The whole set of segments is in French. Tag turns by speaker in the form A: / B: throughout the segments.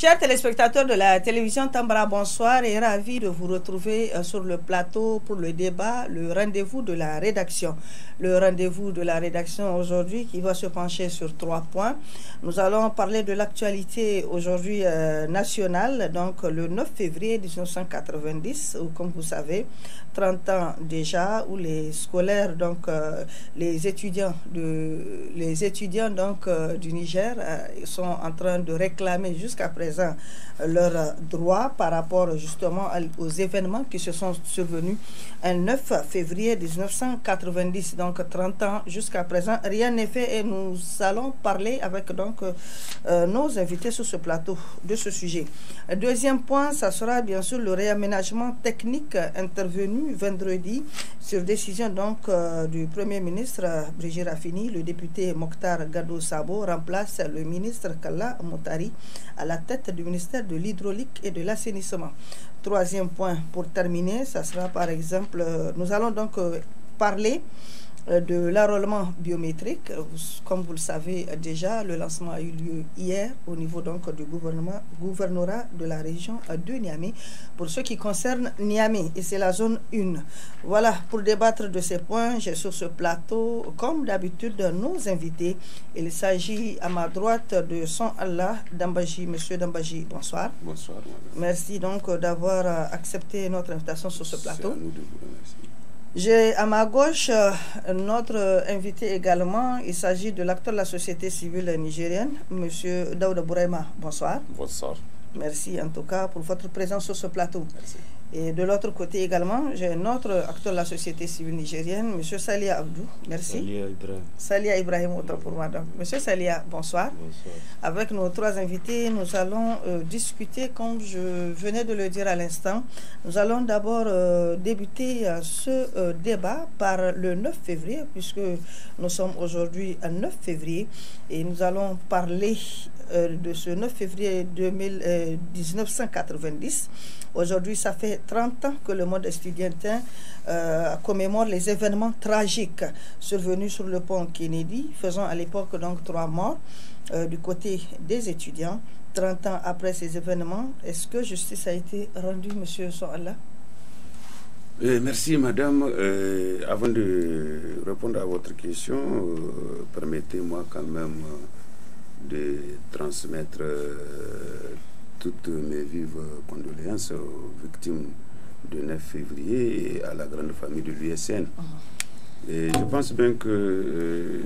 A: Chers téléspectateurs de la télévision Tambara, bonsoir et ravi de vous retrouver euh, sur le plateau pour le débat, le rendez-vous de la rédaction. Le rendez-vous de la rédaction aujourd'hui qui va se pencher sur trois points. Nous allons parler de l'actualité aujourd'hui euh, nationale, donc le 9 février 1990, ou comme vous savez, 30 ans déjà, où les scolaires, donc euh, les étudiants, de, les étudiants donc, du Niger sont en train de réclamer jusqu'à présent euh, leur leurs droits par rapport justement aux événements qui se sont survenus un 9 février 1990, donc 30 ans jusqu'à présent. Rien n'est fait et nous allons parler avec donc euh, nos invités sur ce plateau de ce sujet. Deuxième point, ça sera bien sûr le réaménagement technique intervenu vendredi sur décision donc euh, du Premier ministre Brigitte Raffini. Le député Mokhtar Gado Sabo remplace le ministre Kalla Motari à la tête du ministère de l'hydraulique et de l'assainissement. Troisième point pour terminer, ça sera par exemple, euh, nous allons donc euh, parler euh, de l'enrôlement biométrique. Euh, comme vous le savez euh, déjà, le lancement a eu lieu hier au niveau donc du gouvernement, gouvernorat de la région de Niamey pour ce qui concerne Niamey et c'est la zone 1. Voilà, pour débattre de ces points, j'ai sur ce plateau, comme d'habitude, nos invités. Il s'agit à ma droite de Son Allah Dambaji. Monsieur Dambaji, bonsoir. Bonsoir. Merci donc d'avoir accepté notre invitation sur ce plateau. J'ai à ma gauche un euh, notre invité également. Il s'agit de l'acteur de la société civile nigérienne, M. Daouda Bouraima. Bonsoir. Bonsoir. Merci en tout cas pour votre présence sur ce plateau. Merci. Et de l'autre côté également, j'ai un autre acteur de la société civile nigérienne, M. Salia Abdou. Merci.
B: Salia Ibrahim.
A: Salia Ibrahim, autant pour moi. Donc, M. Salia, bonsoir. Bonsoir. Avec nos trois invités, nous allons euh, discuter, comme je venais de le dire à l'instant, nous allons d'abord euh, débuter euh, ce débat par le 9 février, puisque nous sommes aujourd'hui à 9 février, et nous allons parler euh, de ce 9 février 1990. Euh, Aujourd'hui, ça fait 30 ans que le monde estudiantin euh, commémore les événements tragiques survenus sur le pont Kennedy, faisant à l'époque donc trois morts du côté des étudiants. 30 ans après ces événements, est-ce que justice a été rendue, Monsieur Soala
C: merci Madame. avant de répondre à votre question, permettez-moi quand même de transmettre euh, toutes mes vives condoléances aux victimes du 9 février et à la grande famille de l'USN. Uh-huh. Et je pense bien que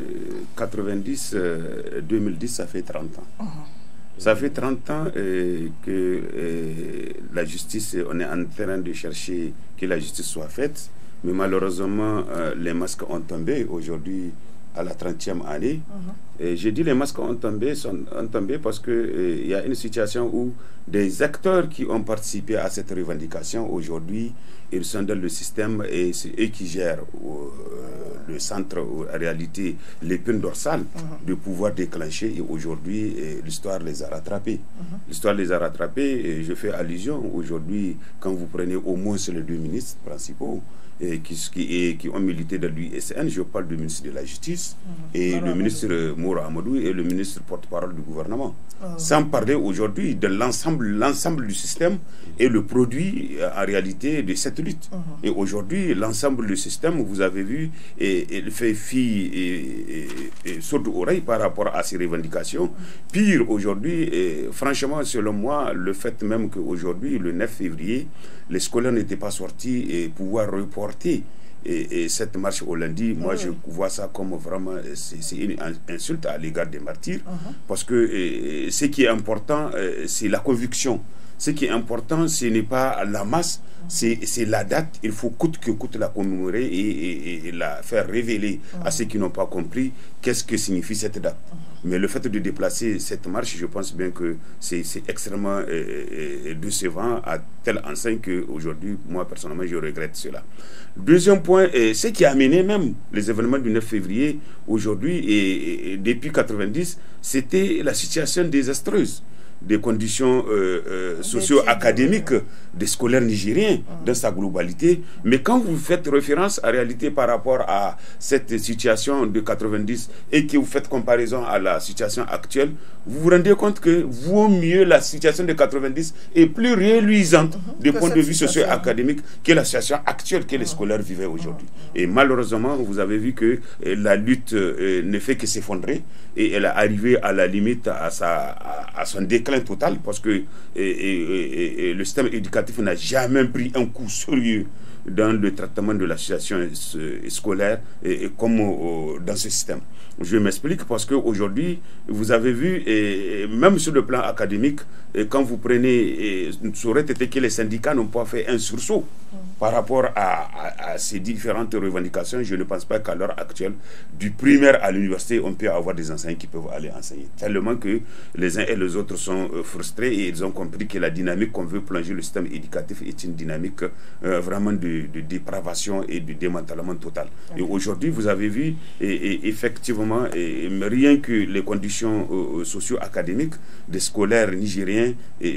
C: 90, euh, 2010, euh, ça fait 30 ans. Uh-huh. Ça fait 30 ans que la justice, on est en train de chercher que la justice soit faite, mais malheureusement, les masques ont tombé aujourd'hui à la 30e année. Uh-huh j'ai dit les masques ont tombé, sont, ont parce qu'il euh, il y a une situation où des acteurs qui ont participé à cette revendication aujourd'hui, ils sont dans le système et eux qui gèrent euh, le centre, en réalité, l'épine dorsale dorsales mhm. de pouvoir déclencher. Et aujourd'hui, euh, l'histoire les a rattrapés. Mhm. L'histoire les a rattrapés, et je fais allusion aujourd'hui, quand vous prenez au moins les deux ministres principaux, et qui, qui, ont milité dans l'USN, je parle du ministre de la Justice mhm. et le ministre Moura Amadou est le ministre porte-parole du gouvernement. Ah Sans parler aujourd'hui de l'ensemble, l'ensemble du système et le produit euh, en réalité de cette lutte. Ah ah. Et aujourd'hui, l'ensemble du système, vous avez vu, et, fait fi et, et, saute oreille par rapport à ces revendications. Pire aujourd'hui, franchement, selon moi, le fait même qu'aujourd'hui, le 9 février, les scolaires n'étaient pas sortis et pouvoir reporter et, cette marche au lundi, moi je vois ça comme vraiment euh, c'est une insulte à l'égard des martyrs, uh-huh. parce que euh, euh, ce qui est important, c'est la conviction. Ce qui est important, ce n'est pas la masse, c'est la date. Il faut coûte que coûte la commémorer et, la faire révéler à ceux qui n'ont pas compris qu'est-ce que signifie cette date. Mais le fait de déplacer cette marche, je pense bien que c'est extrêmement euh, euh, euh, décevant à tel enseigne qu'aujourd'hui, moi personnellement, je regrette cela. Deuxième point, ce qui a amené même les événements du 9 février aujourd'hui et, et depuis 90, c'était la situation désastreuse des conditions euh, euh, socio-académiques euh, des scolaires nigériens dans sa globalité. Mais quand vous faites référence à réalité par rapport à cette situation de 90 et que vous faites comparaison à la situation actuelle, vous vous rendez compte que vaut mieux la situation de 90 est plus réluisante mhm, du point de vue socio-académique que la situation actuelle que les scolaires vivaient aujourd'hui. Et malheureusement, vous avez vu que la lutte ne fait que s'effondrer et elle est arrivée à la limite à, sa, à son déclin total parce que le système éducatif n'a jamais pris un coup sérieux dans le traitement de la situation scolaire et, comme dans ce système. Je m'explique parce qu'aujourd'hui, vous avez vu, et, même sur le plan académique, et quand vous prenez, et, ça aurait été que les syndicats n'ont pas fait un sursaut mm. par rapport à, ces différentes revendications. Je ne pense pas qu'à l'heure actuelle, du primaire à l'université, on peut avoir des enseignants qui peuvent aller enseigner. Tellement que les uns et les autres sont euh, frustrés et ils ont compris que la dynamique qu'on veut plonger le système éducatif est une dynamique euh, vraiment de, dépravation et de démantèlement total. Et aujourd'hui, vous avez vu, et, effectivement, et rien que les conditions euh, euh, socio-académiques des scolaires nigériens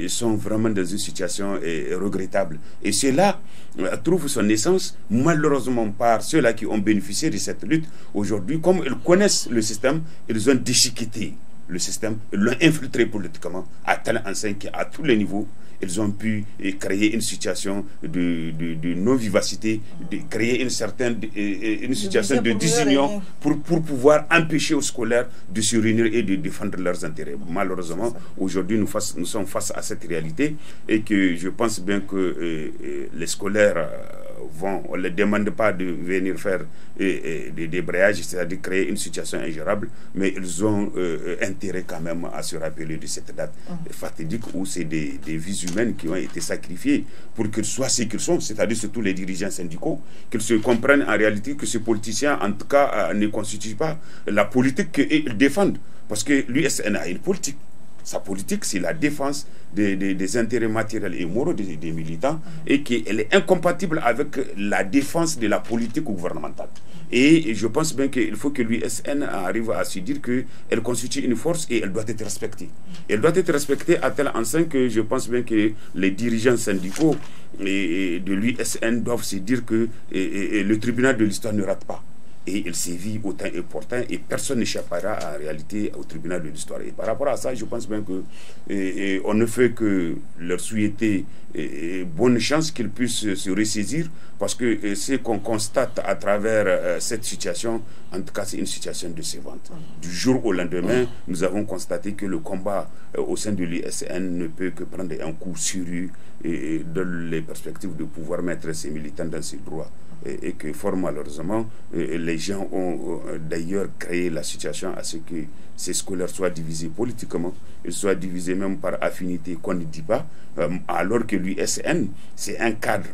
C: sont vraiment dans une situation regrettable. Et cela euh, trouve son essence, malheureusement, par ceux-là qui ont bénéficié de cette lutte. Aujourd'hui, comme ils connaissent le système, ils ont déchiqueté le système, l'a infiltré politiquement à tel enceinte qu'à tous les niveaux, ils ont pu eh, créer une situation de, non-vivacité, de créer une certaine eh, eh, une situation de disunion pour, pour pouvoir empêcher aux scolaires de se réunir et de défendre leurs intérêts. Malheureusement, aujourd'hui, nous, nous, sommes face à cette réalité et que je pense bien que les scolaires euh, on ne les demande pas de venir faire euh, euh, des débrayages, c'est-à-dire créer une situation ingérable, mais ils ont euh, intérêt quand même à se rappeler de cette date mm. fatidique où c'est des, vies humaines qui ont été sacrifiées pour qu'ils soient ce qu'ils sont, c'est-à-dire surtout les dirigeants syndicaux, qu'ils se comprennent en réalité que ces politiciens, en tout cas, ne constituent pas la politique qu'ils défendent. Parce que l'USN a une politique. Sa politique, c'est la défense des, intérêts matériels et moraux des, militants mhm. et qu'elle est incompatible avec la défense de la politique gouvernementale. Et je pense bien qu'il faut que l'USN arrive à se dire qu'elle constitue une force et elle doit être respectée. Mhm. Elle doit être respectée à tel enceinte que je pense bien que les dirigeants syndicaux de l'USN doivent se dire que le tribunal de l'histoire ne rate pas et il sévit autant et pourtant et personne n'échappera en réalité au tribunal de l'histoire. Et par rapport à ça, je pense bien que on ne fait que leur souhaiter bonne chance qu'ils puissent se ressaisir parce que ce qu'on constate à travers euh, cette situation, en tout cas, c'est une situation décevante. Du jour au lendemain, nous avons constaté que le combat euh, au sein de l'ISN ne peut que prendre un coup sur et, et dans les perspectives de pouvoir mettre ses militants dans ses droits et, que fort malheureusement, euh, euh, les gens ont euh, d'ailleurs créé la situation à ce que ces scolaires soient divisés politiquement, soient divisés même par affinité qu'on ne dit pas, alors que l'USN, c'est un cadre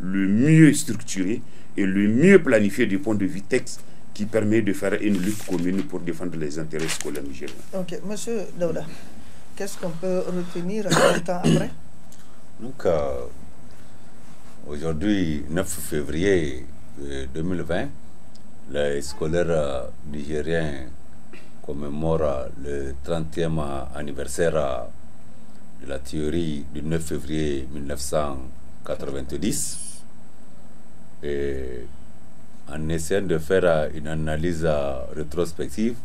C: le mieux structuré et le mieux planifié du point de vue texte qui permet de faire une lutte commune pour défendre les intérêts scolaires nigériens.
A: Ok, monsieur Daouda, qu'est-ce qu'on peut retenir un temps après
D: Donc, Aujourd'hui, 9 février 2020, les scolaires nigériens commémorent le 30e anniversaire de la théorie du 9 février 1990 et en essayant de faire une analyse rétrospective,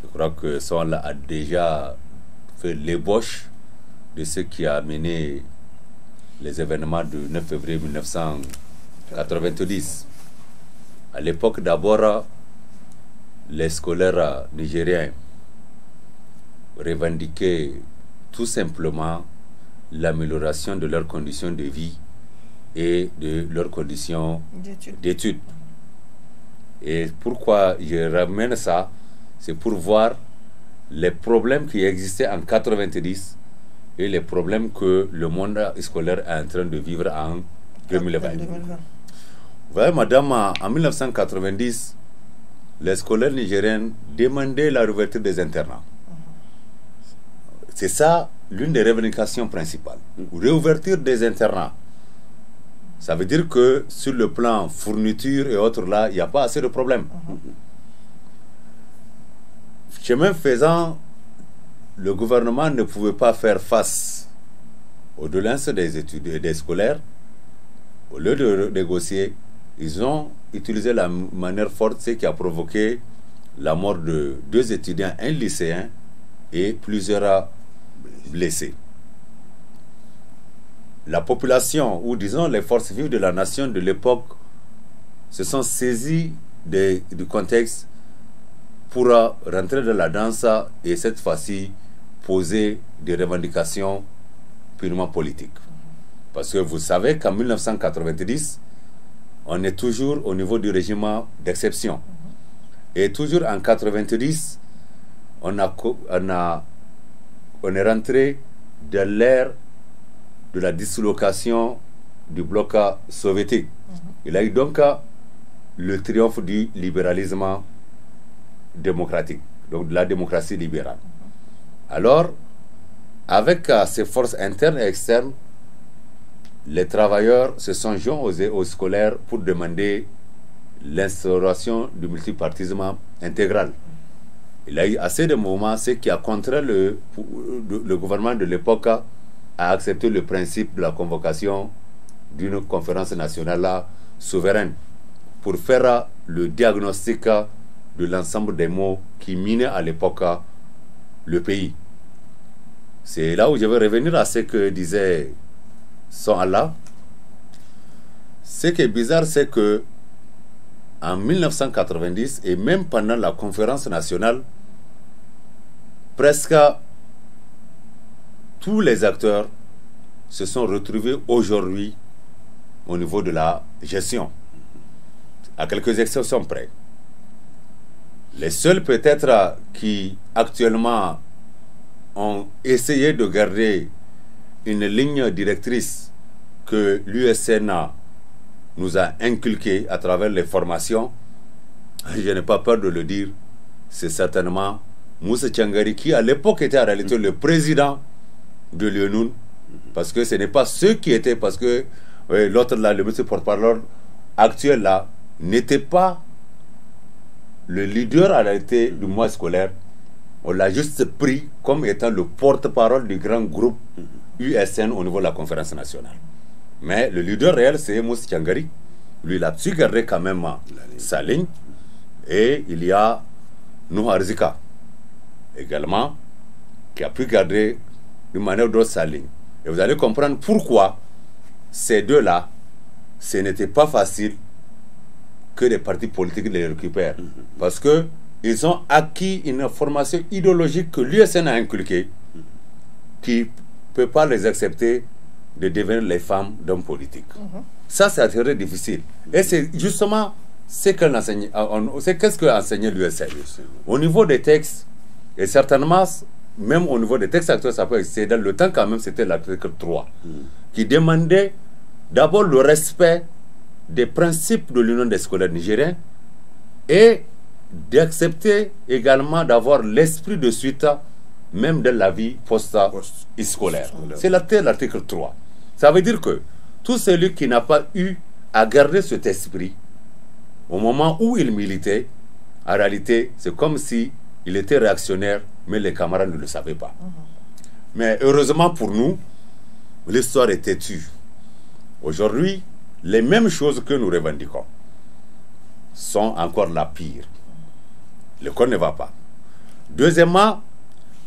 D: je crois que là a déjà fait l'ébauche de ce qui a amené les événements du 9 février 1990. À l'époque, d'abord, les scolaires nigériens revendiquaient tout simplement l'amélioration de leurs conditions de vie et de leurs conditions d'études. Et pourquoi je ramène ça C'est pour voir les problèmes qui existaient en 1990 et les problèmes que le monde scolaire est en train de vivre en
A: 2020.
D: madame, en 1990, les scolaires nigériens demandaient la réouverture des internats. C'est ça l'une des revendications principales. Réouverture des internats. Ça veut dire que sur le plan fourniture et autres, là, il n'y a pas assez de problèmes. Mhm. Chemin faisant, le gouvernement ne pouvait pas faire face aux doléances des étudiants et des scolaires. Au lieu de négocier, ils ont utilisé la manière forte, ce qui a provoqué la mort de deux étudiants, un lycéen et plusieurs blessés. La population, ou disons les forces vives de la nation de l'époque, se sont saisies du contexte ...pourra rentrer dans la danse et cette fois-ci poser des revendications purement politiques. Parce que vous savez qu'en 1990, on est toujours au niveau du régime d'exception. Et toujours en 1990, on, a, a, on est rentré dans l'ère de la dislocation du bloc soviétique. Mhm. Il a eu donc le triomphe du libéralisme démocratique, donc de la démocratie libérale. Alors, avec euh, ces forces internes et externes, les travailleurs se sont joints aux, aux scolaires pour demander l'instauration du multipartisme intégral. Il y a eu assez de moments, ce qui a contraint le, le gouvernement de l'époque à accepter le principe de la convocation d'une conférence nationale souveraine pour faire le diagnostic de l'ensemble des mots qui minaient à l'époque le pays. C'est là où je vais revenir à ce que disait son Allah. Ce qui est bizarre, c'est que en 1990 et même pendant la conférence nationale, presque tous les acteurs se sont retrouvés aujourd'hui au niveau de la gestion, à quelques exceptions près. Les seuls peut-être qui actuellement ont essayé de garder une ligne directrice que l'USNA nous a inculquée à travers les formations, je n'ai pas peur de le dire, c'est certainement Moussa Tchangari qui à l'époque était en réalité le président de l'UNUN, parce que ce n'est pas ceux qui étaient, parce que l'autre là, le monsieur porte-parole actuel là, n'était pas le leader à été du mois scolaire, on l'a juste pris comme étant le porte-parole du grand groupe USN au niveau de la conférence nationale. Mais le leader réel, c'est Moussa Tiangari. Lui, il a pu garder quand même sa ligne. Et il y a Nouharzika également, qui a pu garder d'une manière ou d'autre sa ligne. Et vous allez comprendre pourquoi ces deux-là, ce n'était pas facile que les partis politiques les récupèrent. Parce que ils ont acquis une formation idéologique que l'USN a inculquée, qui ne peut pas les accepter de devenir les femmes d'hommes politiques. Mhm. Ça, c'est très difficile. Et c'est justement ce euh, qu'est-ce que l'USN. Au niveau des textes, et certainement, même au niveau des textes actuels, ça peut exister. Dans le temps, quand même, c'était l'article 3, mhm. qui demandait d'abord le respect des principes de l'Union des scolaires nigériens et d'accepter également d'avoir l'esprit de suite même de la vie post-scolaire. C'est l'article 3. Ça veut dire que tout celui qui n'a pas eu à garder cet esprit au moment où il militait, en réalité, c'est comme si il était réactionnaire, mais les camarades ne le savaient pas. Mhm. Mais heureusement pour nous, l'histoire est têtue. Aujourd'hui, les mêmes choses que nous revendiquons sont encore la pire. Le corps ne va pas. Deuxièmement,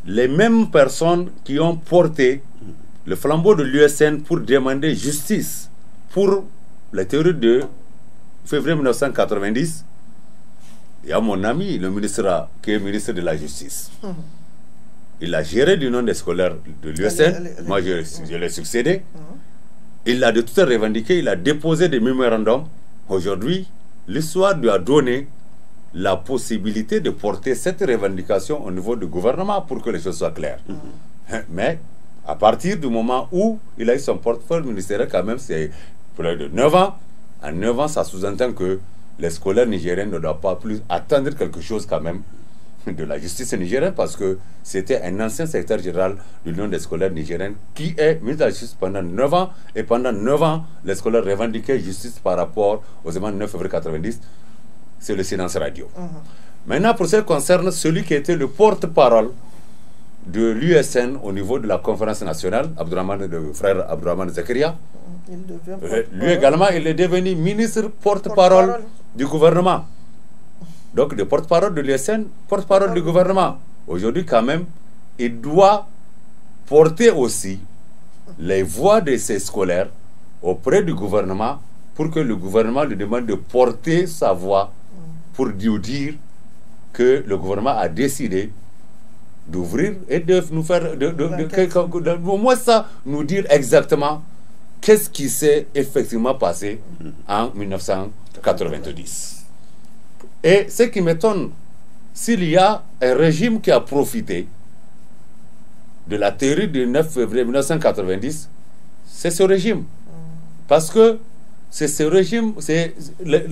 D: les mêmes personnes qui ont porté le flambeau de l'USN pour demander justice pour la théorie de février 1990, il y a mon ami, le ministre qui est ministre de la Justice. Mm-hmm. Il a géré du nom des scolaires de l'USN. Moi, je, l'ai succédé. Mm-hmm. Il a de tout revendiqué, il a déposé des mémorandums. Aujourd'hui, l'histoire lui a donné la possibilité de porter cette revendication au niveau du gouvernement pour que les choses soient claires. Mm-hmm. Hein, mais à partir du moment où il a eu son portefeuille ministériel, quand même, c'est près de 9 ans. En 9 ans, ça sous-entend que les scolaires nigériens ne doivent pas plus attendre quelque chose quand même de la justice nigérienne parce que c'était un ancien secrétaire général de l'Union des scolaires nigériennes qui est ministre de la Justice pendant 9 ans. Et pendant 9 ans, les scolaires revendiquaient justice par rapport aux événements 9 février 90. C'est le silence radio. Mhm. Maintenant, pour ce qui concerne celui qui était le porte-parole de l'USN au niveau de la conférence nationale, le frère Abdourahman Zakaria.
A: Euh, lui également,
D: il est devenu ministre porte-parole du gouvernement donc le porte-parole de l'USN, porte-parole du gouvernement. Aujourd'hui, quand même, il doit porter aussi les voix de ses scolaires auprès du gouvernement pour que le gouvernement lui demande de porter sa voix pour lui dire que le gouvernement a décidé d'ouvrir et de nous faire... De, au moins ça, nous dire exactement qu'est-ce qui s'est effectivement passé en 1990. Et ce qui m'étonne, s'il y a un régime qui a profité de la théorie du 9 février 1990, c'est ce régime. Parce que c'est ce régime, c'est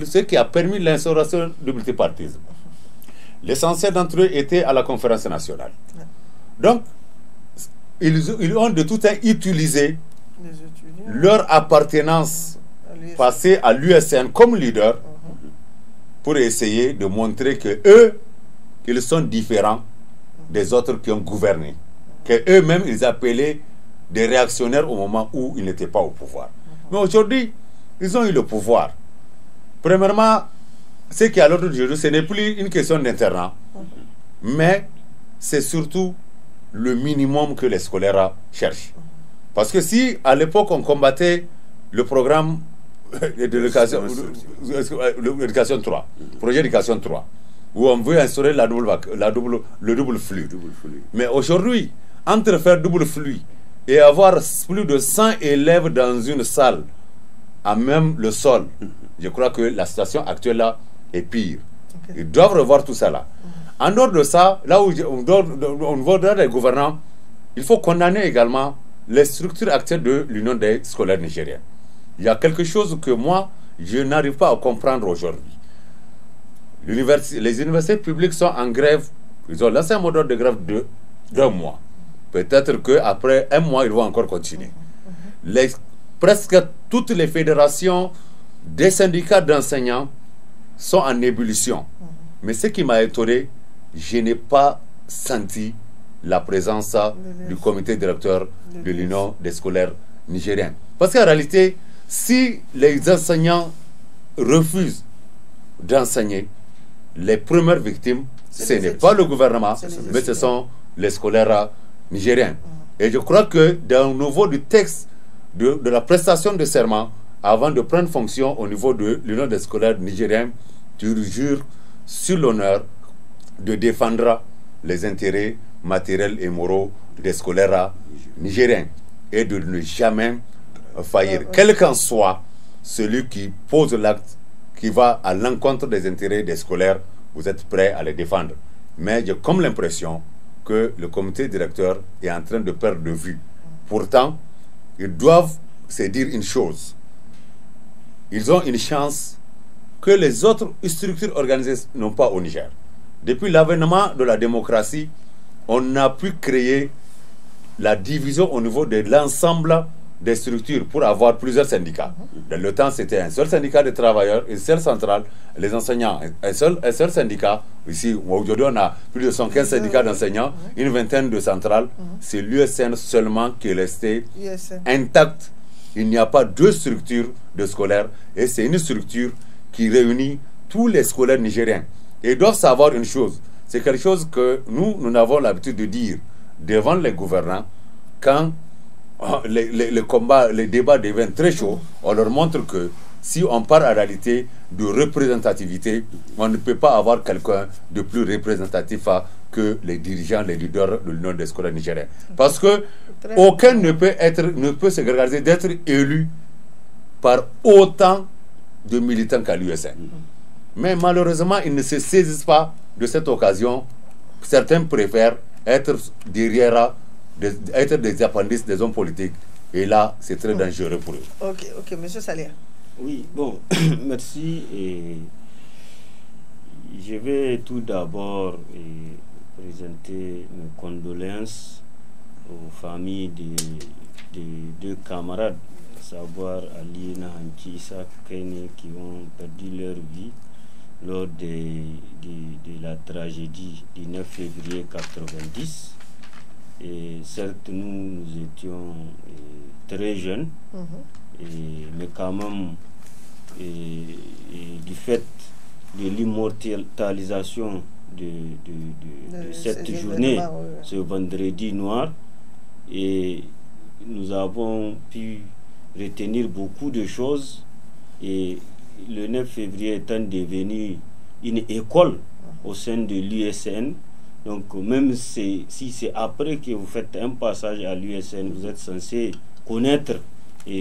D: ce qui a permis l'instauration du multipartisme. L'essentiel d'entre eux était à la conférence nationale. Donc, ils, ont de tout à utilisé leur appartenance passée à l'USN comme leader pour essayer de montrer que eux, ils sont différents des autres qui ont gouverné, que eux-mêmes ils appelaient des réactionnaires au moment où ils n'étaient pas au pouvoir. Mhm. Mais aujourd'hui, ils ont eu le pouvoir. Premièrement, ce qui est à l'ordre du jour, ce n'est plus une question d'internat, mhm. mais c'est surtout le minimum que les scolaires cherchent. Mhm. Parce que si à l'époque on combattait le programme l'éducation 3, projet d'éducation 3, où on veut instaurer la double, la double, le double flux. Mais aujourd'hui, entre faire double flux et avoir plus de 100 élèves dans une salle, à même le sol, mhm. je crois que la situation actuelle là est pire. Ils doivent revoir tout ça là. Mhm. En dehors de ça, là où on voit les gouvernants, il faut condamner également les structures actuelles de l'Union des scolaires nigériens. Il y a quelque chose que moi, je n'arrive pas à comprendre aujourd'hui. les universités publiques sont en grève. Ils ont lancé un mode de grève de d'un mois. Peut-être qu'après un mois, ils vont encore continuer. Les, presque toutes les fédérations des syndicats d'enseignants sont en ébullition. Mais ce qui m'a étonné, je n'ai pas senti la présence du comité directeur de l'Union des scolaires nigériens. Parce qu'en réalité, si les enseignants refusent d'enseigner, les premières victimes, ce n'est pas le gouvernement, mais ce sont les scolaires nigériens. Et je crois que dans le niveau du texte de, de, la prestation de serment, avant de prendre fonction au niveau de l'Union des scolaires nigériens, tu jures sur l'honneur de défendre les intérêts matériels et moraux des scolaires nigériens et de ne jamais faillir, quel qu'en soit celui qui pose l'acte qui va à l'encontre des intérêts des scolaires, vous êtes prêt à les défendre. Mais j'ai comme l'impression que le comité directeur est en train de perdre de vue. Pourtant, ils doivent se dire une chose. Ils ont une chance que les autres structures organisées n'ont pas au Niger. Depuis l'avènement de la démocratie, on a pu créer la division au niveau de l'ensemble des structures pour avoir plusieurs syndicats. Mhm. Dans le temps, c'était un seul syndicat de travailleurs, une seule centrale, les enseignants, un seul, seul syndicat. Ici, aujourd'hui, on a plus de 115 syndicats d'enseignants, une vingtaine de centrales. Mhm. C'est l'USN seulement qui est resté intact. Il n'y a pas deux structures de scolaires et c'est une structure qui réunit tous les scolaires nigériens. Et ils doivent savoir une chose, c'est quelque chose que nous, nous avons l'habitude de dire devant les gouvernants quand ah, les, combats, les débats deviennent très chauds. On leur montre que si on part en réalité de représentativité, on ne peut pas avoir quelqu'un de plus représentatif que les dirigeants, les leaders de l'Union des scolaires nigériens. Parce que aucun ne peut, être, ne peut se regarder d'être élu par autant de militants qu'à l'USN. Mais malheureusement, ils ne se saisissent pas de cette occasion. Certains préfèrent être derrière être des appendices des hommes politiques. Et là, c'est très hmm. dangereux pour eux.
A: Ok, ok, monsieur Salia. Oui,
B: bon, merci. Et je vais tout d'abord eh, présenter mes condoléances aux familles des, deux camarades, à savoir Ali Nahanti qui ont perdu leur vie lors de, de la tragédie du 9 février 90 certes, nous, étions euh, très jeunes, mhm. et, mais quand même, du fait de l'immortalisation de, cette journée, ce vendredi noir, et nous avons pu retenir beaucoup de choses. Et le 9 février étant devenu une école mhm. au sein de l'USN, donc même si, c'est après que vous faites un passage à l'USN, vous êtes censé connaître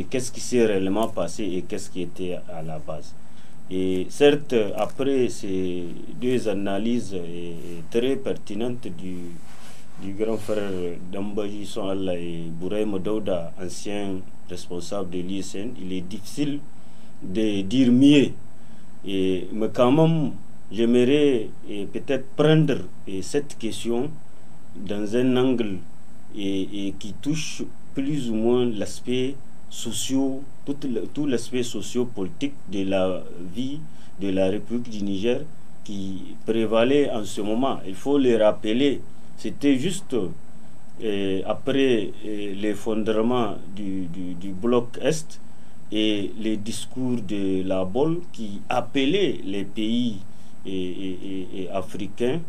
B: qu'est-ce qui s'est réellement passé et qu'est-ce qui était à la base. Et certes, après ces deux analyses très pertinentes du, du grand frère Dambaji Allah et Bouraï Modouda, ancien responsable de l'USN, il est difficile de dire mieux. Et, mais quand même, J'aimerais eh, peut-être prendre eh, cette question dans un angle et, eh, qui touche plus ou moins l'aspect socio, tout, l'aspect sociopolitique de la vie de la République du Niger qui prévalait en ce moment. Il faut le rappeler, c'était juste après l'effondrement du, bloc Est et les discours de la Bol qui appelait les pays et, africains,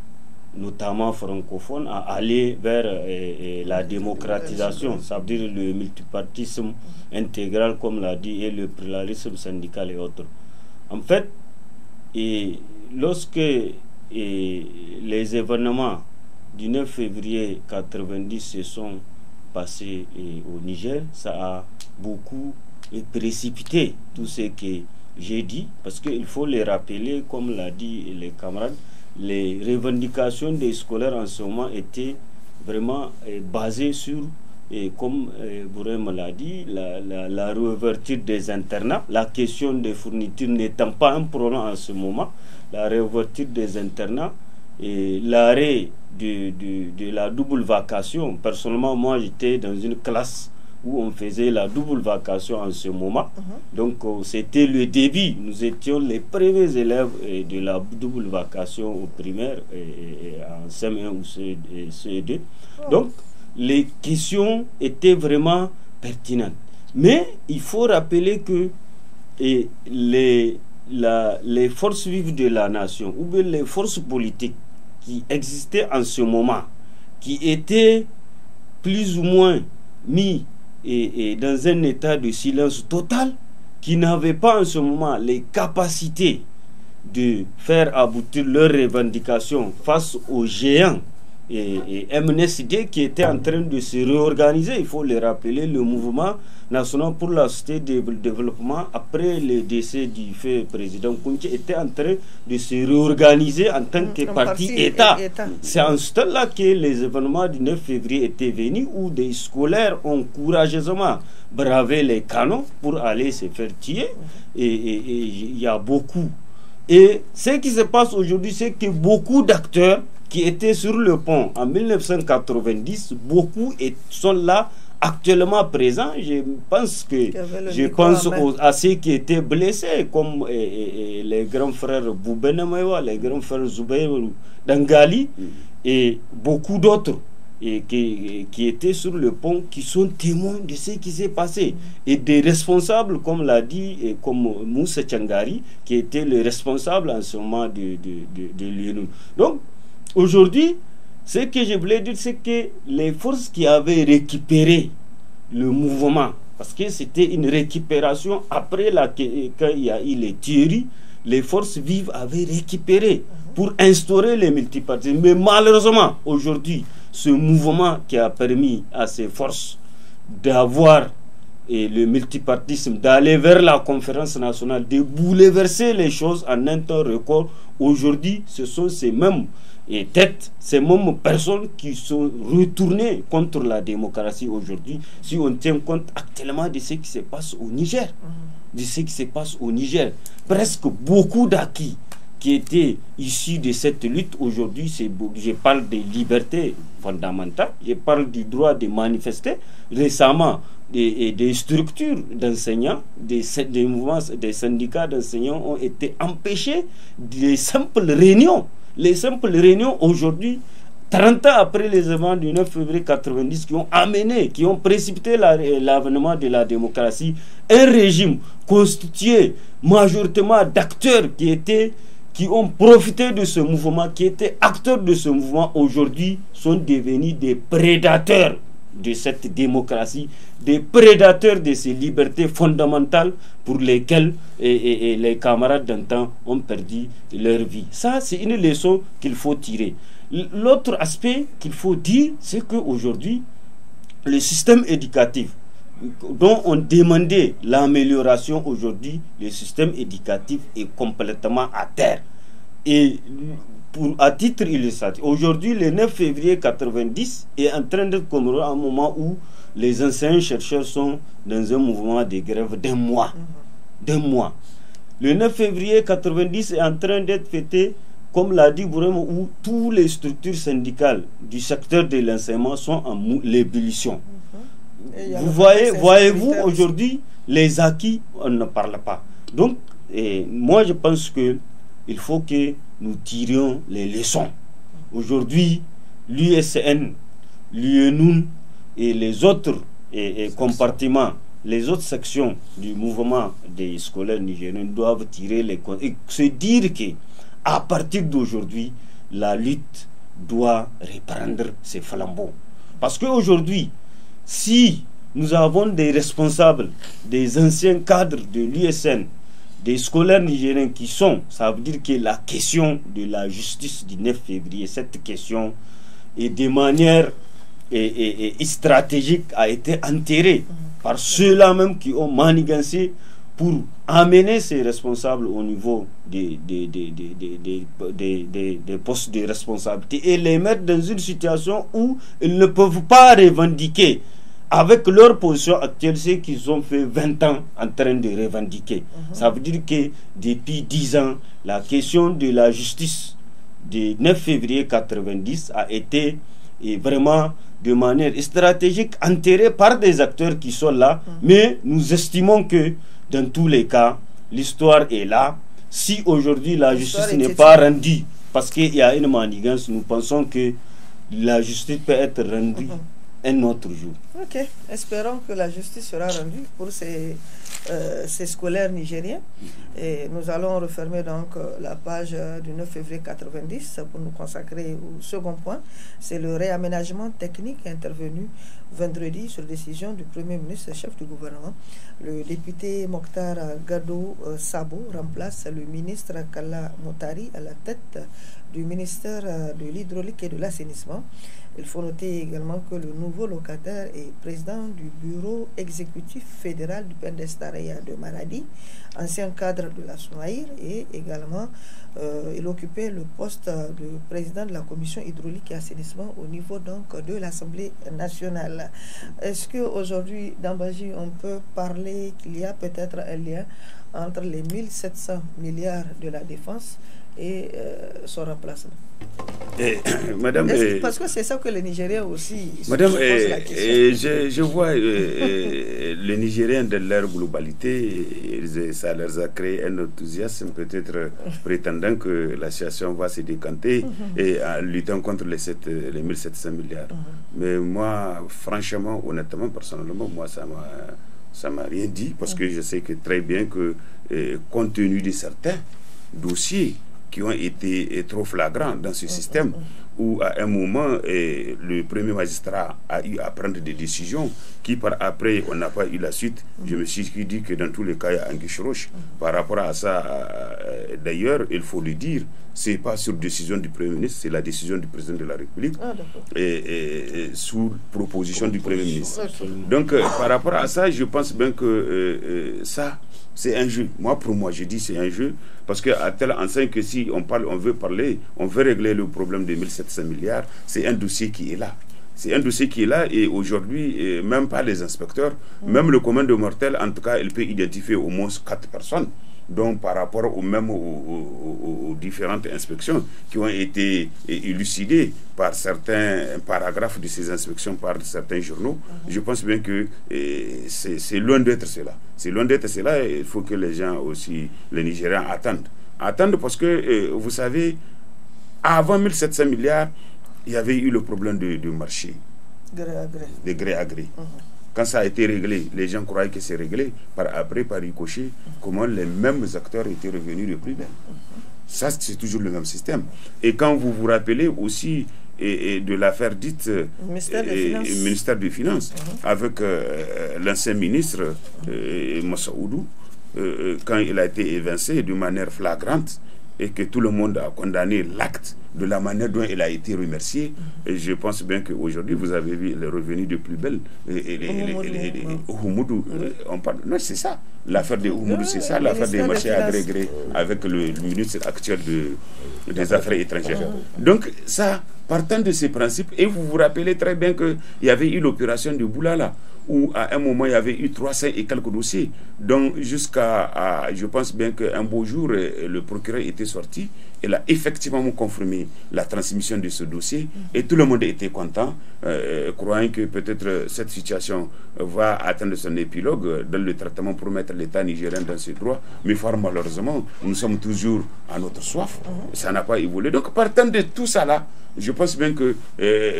B: notamment francophones, à aller vers euh, euh, la démocratisation, ça veut dire le multipartisme intégral, comme l'a dit, et le pluralisme syndical et autres. En fait, et lorsque les événements du 9 février 90 se sont passés au Niger, ça a beaucoup précipité tout ce qui j'ai dit, parce qu'il faut les rappeler, comme l'a dit les camarades, les revendications des scolaires en ce moment étaient vraiment euh, basées sur, et comme euh, Bourré me l'a dit, la, la, réouverture des internats. La question des fournitures n'étant pas un problème en ce moment, la réouverture des internats et l'arrêt de, la double vacation. Personnellement, moi, j'étais dans une classe où on faisait la double vacation en ce moment. Mhm. Donc euh, c'était le début. Nous étions les premiers élèves euh, de la double vacation au primaire en CM1 ou CE2. Donc les questions étaient vraiment pertinentes. Mais il faut rappeler que les, les forces vives de la nation ou bien les forces politiques qui existaient en ce moment, qui étaient plus ou moins mis et, dans un état de silence total, qui n'avait pas en ce moment les capacités de faire aboutir leurs revendications face aux géants et, et, MNSD qui était en train de se réorganiser. Il faut le rappeler, le mouvement national pour la société de développement, après le décès du fait président qui était en train de se réorganiser en tant que mm, parti, État. C'est en ce temps-là que les événements du 9 février étaient venus où des scolaires ont courageusement bravé les canons pour aller se faire tuer. Et il y a beaucoup. Et ce qui se passe aujourd'hui, c'est que beaucoup d'acteurs qui étaient sur le pont en 1990, beaucoup sont là actuellement présents. Je pense que je pense à ceux qui étaient blessés, comme eh, eh, eh, les grands frères Boubenemewa, les grands frères Dangali mm. et beaucoup d'autres. Et qui, étaient sur le pont, qui sont témoins de ce qui s'est passé. Mm. Et des responsables, comme l'a dit, et comme Moussa Tchangari, qui était le responsable en ce moment de, de, de, Donc, Aujourd'hui, ce que je voulais dire, c'est que les forces qui avaient récupéré le mouvement, parce que c'était une récupération après la, y a eu les tueries, les forces vives avaient récupéré pour instaurer les multipartisme. Mais malheureusement, aujourd'hui, ce mouvement qui a permis à ces forces d'avoir le multipartisme, d'aller vers la conférence nationale, de bouleverser les choses en un temps record, aujourd'hui, ce sont ces mêmes et peut-être ces mêmes personnes qui sont retournées contre la démocratie aujourd'hui, si on tient compte actuellement de ce qui se passe au Niger, mhm. de ce qui se passe au Niger, presque beaucoup d'acquis qui étaient issus de cette lutte aujourd'hui, je parle des libertés fondamentales, je parle du droit de manifester. Récemment, des, structures d'enseignants, des, mouvements, des syndicats d'enseignants ont été empêchés de simples réunions les simples réunions aujourd'hui, 30 ans après les événements du 9 février 90 qui ont amené, qui ont précipité l'avènement de la démocratie, un régime constitué majoritairement d'acteurs qui étaient qui ont profité de ce mouvement, qui étaient acteurs de ce mouvement, aujourd'hui sont devenus des prédateurs de cette démocratie, des prédateurs de ces libertés fondamentales pour lesquelles les camarades d'antan ont perdu leur vie. Ça, c'est une leçon qu'il faut tirer. L'autre aspect qu'il faut dire, c'est qu'aujourd'hui, le système éducatif dont on demandait l'amélioration aujourd'hui, le système éducatif est complètement à terre. Et à titre illustratif, aujourd'hui, le 9 février 90 est en train d'être comme un moment où les anciens chercheurs sont dans un mouvement de grève d'un mois. Mhm. mois. Le 9 février 90 est en train d'être fêté, comme l'a dit Bourem, où toutes les structures syndicales du secteur de l'enseignement sont en ébullition.
A: Mhm. Vous voyez,
B: voyez-vous aujourd'hui les acquis, on ne parle pas. Donc, moi je pense que il faut que nous tirions les leçons. Aujourd'hui, l'USN, l'UNUN et les autres et, compartiments, les autres sections du mouvement des scolaires nigériens doivent tirer les et se dire que à partir d'aujourd'hui, la lutte doit reprendre ses flambeaux. Parce qu'aujourd'hui, si nous avons des responsables, des anciens cadres de l'USN des scolaires nigériens qui sont, ça veut dire que la question de la justice du 9 février, cette question est de manière et, stratégique a été enterrée mhm. par ceux-là même qui ont manigancé pour amener ces responsables au niveau des, des, des, postes de responsabilité et les mettre dans une situation où ils ne peuvent pas revendiquer avec leur position actuelle, c'est qu'ils ont fait 20 ans en train de revendiquer. Mhm. Ça veut dire que depuis 10 ans, la question de la justice du 9 février 90 a été vraiment de manière stratégique enterrée par des acteurs qui sont là. Mhm. Mais nous estimons que dans tous les cas, l'histoire est là. Si aujourd'hui la justice n'est pas rendue parce qu'il y a une manigance, nous pensons que la justice peut être rendue. Mhm un autre jour.
A: Ok, espérons que la justice sera rendue pour ces, euh, ces scolaires nigériens. Mhm. Et nous allons refermer donc euh, la page euh, du 9 février 90 pour nous consacrer au second point. C'est le réaménagement technique intervenu vendredi sur décision du Premier ministre, chef du gouvernement. Le député Mokhtar Gado Sabo remplace le ministre Kala Motari à la tête du ministère de l'hydraulique et de l'assainissement. Il faut noter également que le nouveau locataire est président du bureau exécutif fédéral du Pendestaria de Maladie, ancien cadre de la SONAIR, et également euh, il occupait le poste de président de la commission hydraulique et assainissement au niveau donc de l'Assemblée nationale. Est-ce qu'aujourd'hui, dans Baji, on peut parler qu'il y a peut-être un lien entre les 1700 milliards de la défense et euh, son remplacement.
C: madame, parce
A: que c'est ça que les Nigériens aussi. Madame, je,
C: vois euh, euh, les Nigériens de leur globalité, ça leur a créé un enthousiasme, peut-être prétendant que la situation va se décanter mhm. et en luttant contre les, 7, les 1700 milliards. Mhm. Mais moi, franchement, honnêtement, personnellement, moi, ça m'a rien dit parce mhm. que je sais que très bien que compte tenu de certains dossiers qui ont été euh, trop flagrants dans ce système où à un moment, euh, le premier magistrat a eu à prendre des décisions qui, par après, on n'a pas eu la suite. Je me suis dit que dans tous les cas, il y a Anguish Roche. Par rapport à ça, euh, d'ailleurs, il faut le dire, c'est pas sur décision du Premier ministre, c'est la décision du Président de la République, ah, et, sous proposition, du Premier ministre. Donc, par rapport à ça, je pense bien que ça, c'est un jeu. Moi, pour moi, je dis c'est un jeu parce qu'à tel enseigne que si on parle, on veut parler, on veut régler le problème des 1700 milliards, c'est un dossier qui est là. C'est un dossier qui est là et aujourd'hui, même pas les inspecteurs, mm. même le commun de Mortel, en tout cas, il peut identifier au moins quatre personnes donc par rapport au mêmes aux, différentes inspections qui ont été élucidées par certains paragraphes de ces inspections par certains journaux. Je pense bien que c'est loin d'être cela. C'est loin d'être cela et il faut que les gens aussi, les Nigériens attendent. Attendent parce que, euh, vous savez, avant 1700 milliards, il y avait eu le problème du, marché. Gré à gré. De gré à gré. Mhm. Quand ça a été réglé, les gens croyaient que c'est réglé. Par, après, par ricochet, comment les mêmes acteurs étaient revenus de plus belle. Ça, c'est toujours le même système. Et quand vous vous rappelez aussi de l'affaire dite euh, ministère, des Finances, mhm. avec euh, euh, l'ancien ministre euh, quand il a été évincé de manière flagrante, et que tout le monde a condamné l'acte de la manière dont il a été remercié. Mhm. Et je pense bien qu'aujourd'hui, vous avez vu les revenus de plus belle. Et, on parle. Non, c'est ça. L'affaire de c'est ça. L'affaire des marchés agrégés avec le, ministre actuel des Affaires étrangères. Donc, ça, partant de ces principes, et vous vous rappelez très bien qu'il y avait eu l'opération de Boulala où à un moment, il y avait eu 300 et quelques dossiers. Donc, jusqu'à, je pense bien qu'un beau jour, euh, le procureur était sorti. Il a effectivement confirmé la transmission de ce dossier et tout le monde était content, euh, euh, croyant que peut-être cette situation va atteindre son épilogue dans le traitement pour mettre l'État nigérien dans ses droits. Mais fort malheureusement, nous sommes toujours à notre soif. Mhm. Ça n'a pas évolué. Donc, partant de tout ça là, je pense bien que,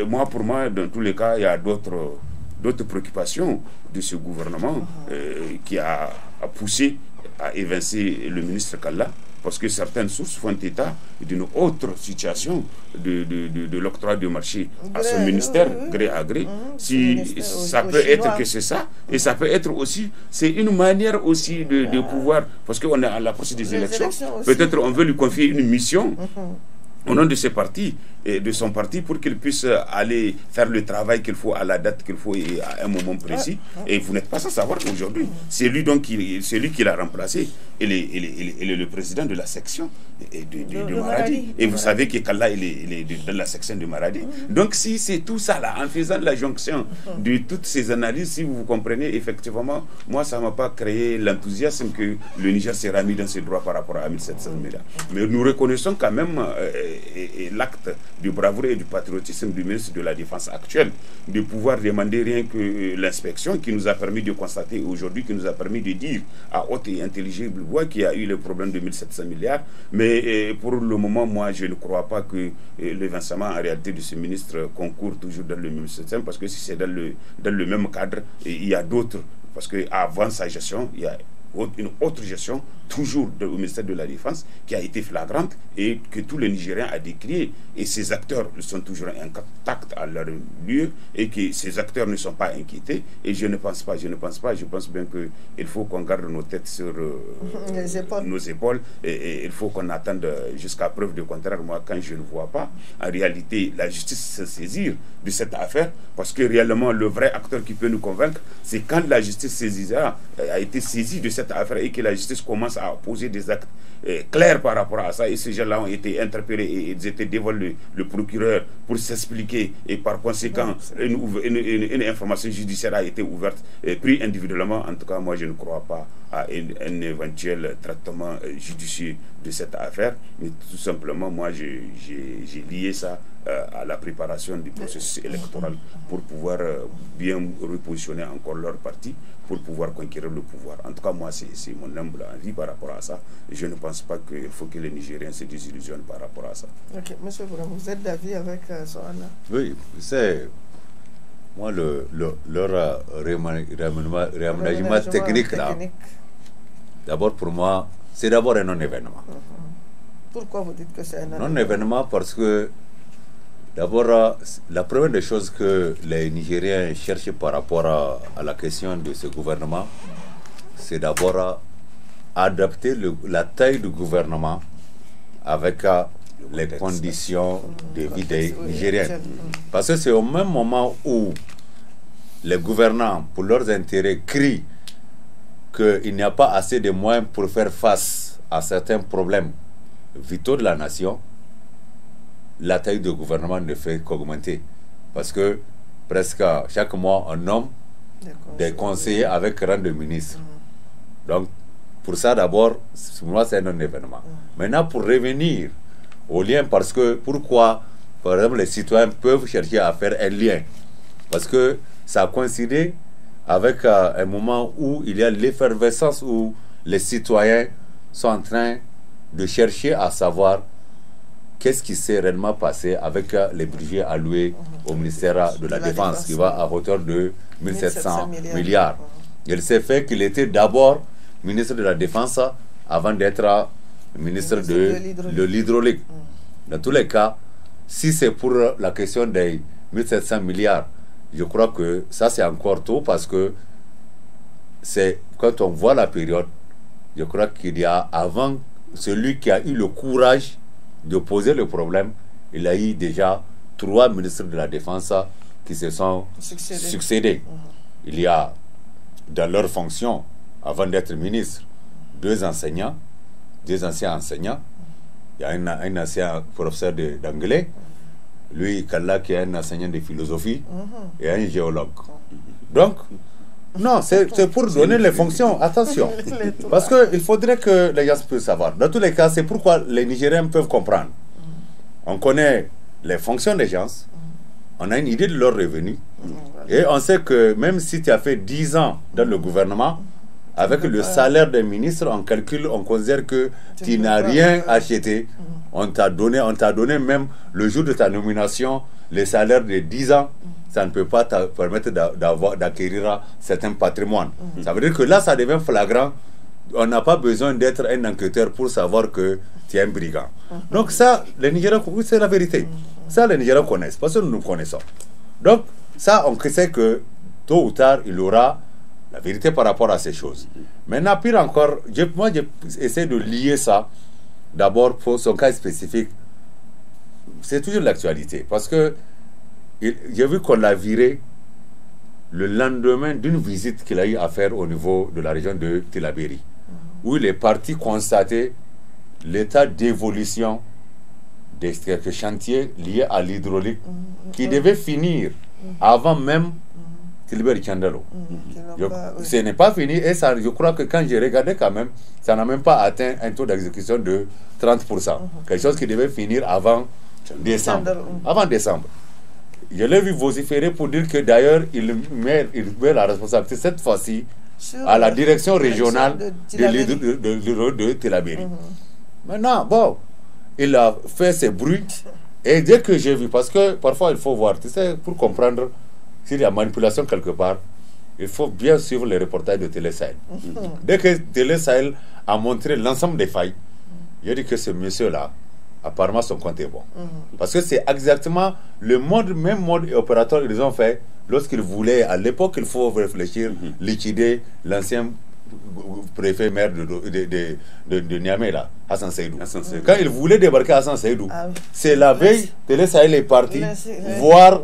C: moi, pour moi, dans tous les cas, il y a d'autres d'autres préoccupations de ce gouvernement ah. euh, qui a, poussé à évincer le ministre Kalla, parce que certaines sources font état d'une autre situation de, de, l'octroi de marché à son ministère, gré à gré. Mmh, si ça peut être que c'est ça, et ça peut être aussi, c'est une manière aussi de, ah. pouvoir, parce qu'on est à la l'approche des élections, peut-être on veut lui confier une mission
A: mmh.
C: au nom de ses partis de son parti pour qu'il puisse aller faire le travail qu'il faut à la date qu'il faut et à un moment précis. Ah, ah. Et vous n'êtes pas sans savoir qu'aujourd'hui, c'est lui donc qui, c'est qui l'a remplacé. Il est, le président de la section de, de, Maradi. Et vous savez que Kalla, il est, de, la section de Maradi. Ah, donc si c'est tout ça là, en faisant la jonction de toutes ces analyses, si vous vous comprenez, effectivement, moi, ça ne m'a pas créé l'enthousiasme que le Niger s'est mis dans ses droits par rapport à 1700 000. Mais nous reconnaissons quand même euh, l'acte du bravoure et du patriotisme du ministre de la Défense actuel, de pouvoir demander rien que euh, l'inspection qui nous a permis de constater aujourd'hui, qui nous a permis de dire à haute et intelligible voix qu'il y a eu le problème de 1700 milliards. Mais euh, pour le moment, moi, je ne crois pas que euh, le en réalité de ce ministre concourt toujours dans le même système, parce que si c'est dans le, dans le même cadre, il y a d'autres. Parce qu'avant sa gestion, il y a une autre gestion, toujours de, au ministère de la Défense, qui a été flagrante et que tous les Nigériens a décrié. Et ces acteurs sont toujours en contact à leur lieu et que ces acteurs ne sont pas inquiétés. Et je ne pense pas, je ne pense pas, je pense bien qu'il faut qu'on garde nos têtes sur euh, nos épaules et, il faut qu'on attende jusqu'à preuve de contraire. Moi, quand je ne vois pas, en réalité, la justice se saisir de cette affaire parce que réellement, le vrai acteur qui peut nous convaincre, c'est quand la justice saisira, euh, a été saisie de cette affaire et que la justice commence à poser des actes euh, clairs par rapport à ça. Et ces gens-là ont été interpellés et ils étaient devant le, procureur pour s'expliquer. Et par conséquent, une, information judiciaire a été ouverte, et euh, pris individuellement. En tout cas, moi, je ne crois pas à un éventuel traitement euh, judiciaire de cette affaire, mais tout simplement, moi, j'ai lié ça euh, à la préparation du processus électoral pour pouvoir euh, bien repositionner encore leur parti, pour pouvoir conquérir le pouvoir. En tout cas, moi, c'est mon humble envie par rapport à ça. Je ne pense pas qu'il faut que les Nigériens se désillusionnent
D: par rapport à ça.
A: Ok, monsieur vous êtes d'avis avec ça euh,
D: Oui, c'est. Moi, le, leur réaménagement technique, technique, là, d'abord pour moi, c'est d'abord un non-événement.
A: Pourquoi vous dites que c'est un non-événement Non-événement
D: parce que, d'abord, euh, la première des choses que les Nigériens cherchent par rapport à, la question de ce gouvernement, c'est d'abord euh, adapter la taille du gouvernement avec euh, les conditions de vie des Nigériens. Parce que c'est au même moment où les gouvernants, pour leurs intérêts, crient qu'il n'y a pas assez de moyens pour faire face à certains problèmes vitaux de la nation, la taille du gouvernement ne fait qu'augmenter. Parce que presque chaque mois, on nomme des conseillers avec rang de ministre. Donc, pour ça, d'abord, pour moi, c'est un événement mm. Maintenant, pour revenir au lien, parce que pourquoi, par exemple, les citoyens peuvent chercher à faire un lien Parce que ça a coïncidé avec euh, un moment où il y a l'effervescence, où les citoyens sont en train de chercher à savoir qu'est-ce qui s'est réellement passé avec euh, les budgets alloués au ministère euh, de la, Défense, qui va à hauteur de 1700 milliards. milliards. Il s'est fait qu'il était d'abord ministre de la Défense avant d'être ministre, de, de l'hydraulique. Mm. Dans tous les cas, si c'est pour la question des 1700 milliards, je crois que ça c'est encore tôt parce que c'est quand on voit la période, je crois qu'il y a avant celui qui a eu le courage de poser le problème, il a eu déjà trois ministres de la Défense qui se sont succédés. Mmh. Il y a dans leur fonction, avant d'être ministre, deux enseignants, deux anciens enseignants, il y a un ancien professeur d'anglais, lui, Kalla, qui est un enseignant de philosophie et un géologue. Donc, non, c'est pour donner les fonctions. Attention. Parce qu'il faudrait que les gens puissent savoir. Dans tous les cas, c'est pourquoi les Nigériens peuvent comprendre. On connaît les fonctions des gens. On a une idée de leurs revenus. Et on sait que même si tu as fait 10 ans dans le gouvernement, avec le salaire des ministres, on calcule, on considère que tu, n'as rien mm. acheté. Mm. On t'a donné, on t'a donné même le jour de ta nomination, le salaire de 10 ans. Mm. Ça ne peut pas te permettre d'avoir, d'acquérir certains patrimoines. patrimoine. Ça veut dire que là, ça devient flagrant. On n'a pas besoin d'être un enquêteur pour savoir que tu es un brigand. Donc ça, les Nigériens, c'est la vérité. Ça, les Nigériens connaissent, parce que nous nous connaissons. Donc ça, on sait que tôt ou tard, il aura la vérité par rapport à ces choses. Maintenant, pire encore, moi, j'essaie de lier ça d'abord pour son cas spécifique. C'est toujours l'actualité parce que j'ai vu qu'on l'a viré le lendemain d'une visite qu'il a eu à faire au niveau de la région de Tilaberi, où il est parti constater l'état d'évolution des quelques chantiers liés à l'hydraulique qui devait finir avant même Chandalo. Mm, mhm. ce n'est pas fini et ça, je crois que quand j'ai regardé quand même, ça n'a même pas atteint un taux d'exécution de 30%. Mm-hmm. Quelque chose qui devait finir avant décembre. Avant décembre. Je l'ai vu vociférer pour dire que d'ailleurs, il, il met, la responsabilité cette fois-ci à la direction régionale de Tilabéry. Mm-hmm. Maintenant, bon, il a fait ses bruits et dès que j'ai vu, parce que parfois il faut voir, tu sais, pour comprendre s'il y a manipulation quelque part, il faut bien suivre les reportages de Télé Sahel. Dès que Télé Sahel a montré l'ensemble des failles, il a dit que ce monsieur-là, apparemment, son compte est bon. Mm-hmm. Parce que c'est exactement le même mode et opérateur qu'ils ont fait lorsqu'ils voulaient, à l'époque, il faut réfléchir, mm-hmm. liquider l'ancien préfet maire de, de, de, Niamey, là, Hassan Seydou. Quand ils voulaient débarquer Hassan Seydou, ah c'est la veille, Télé Sahel est parti voir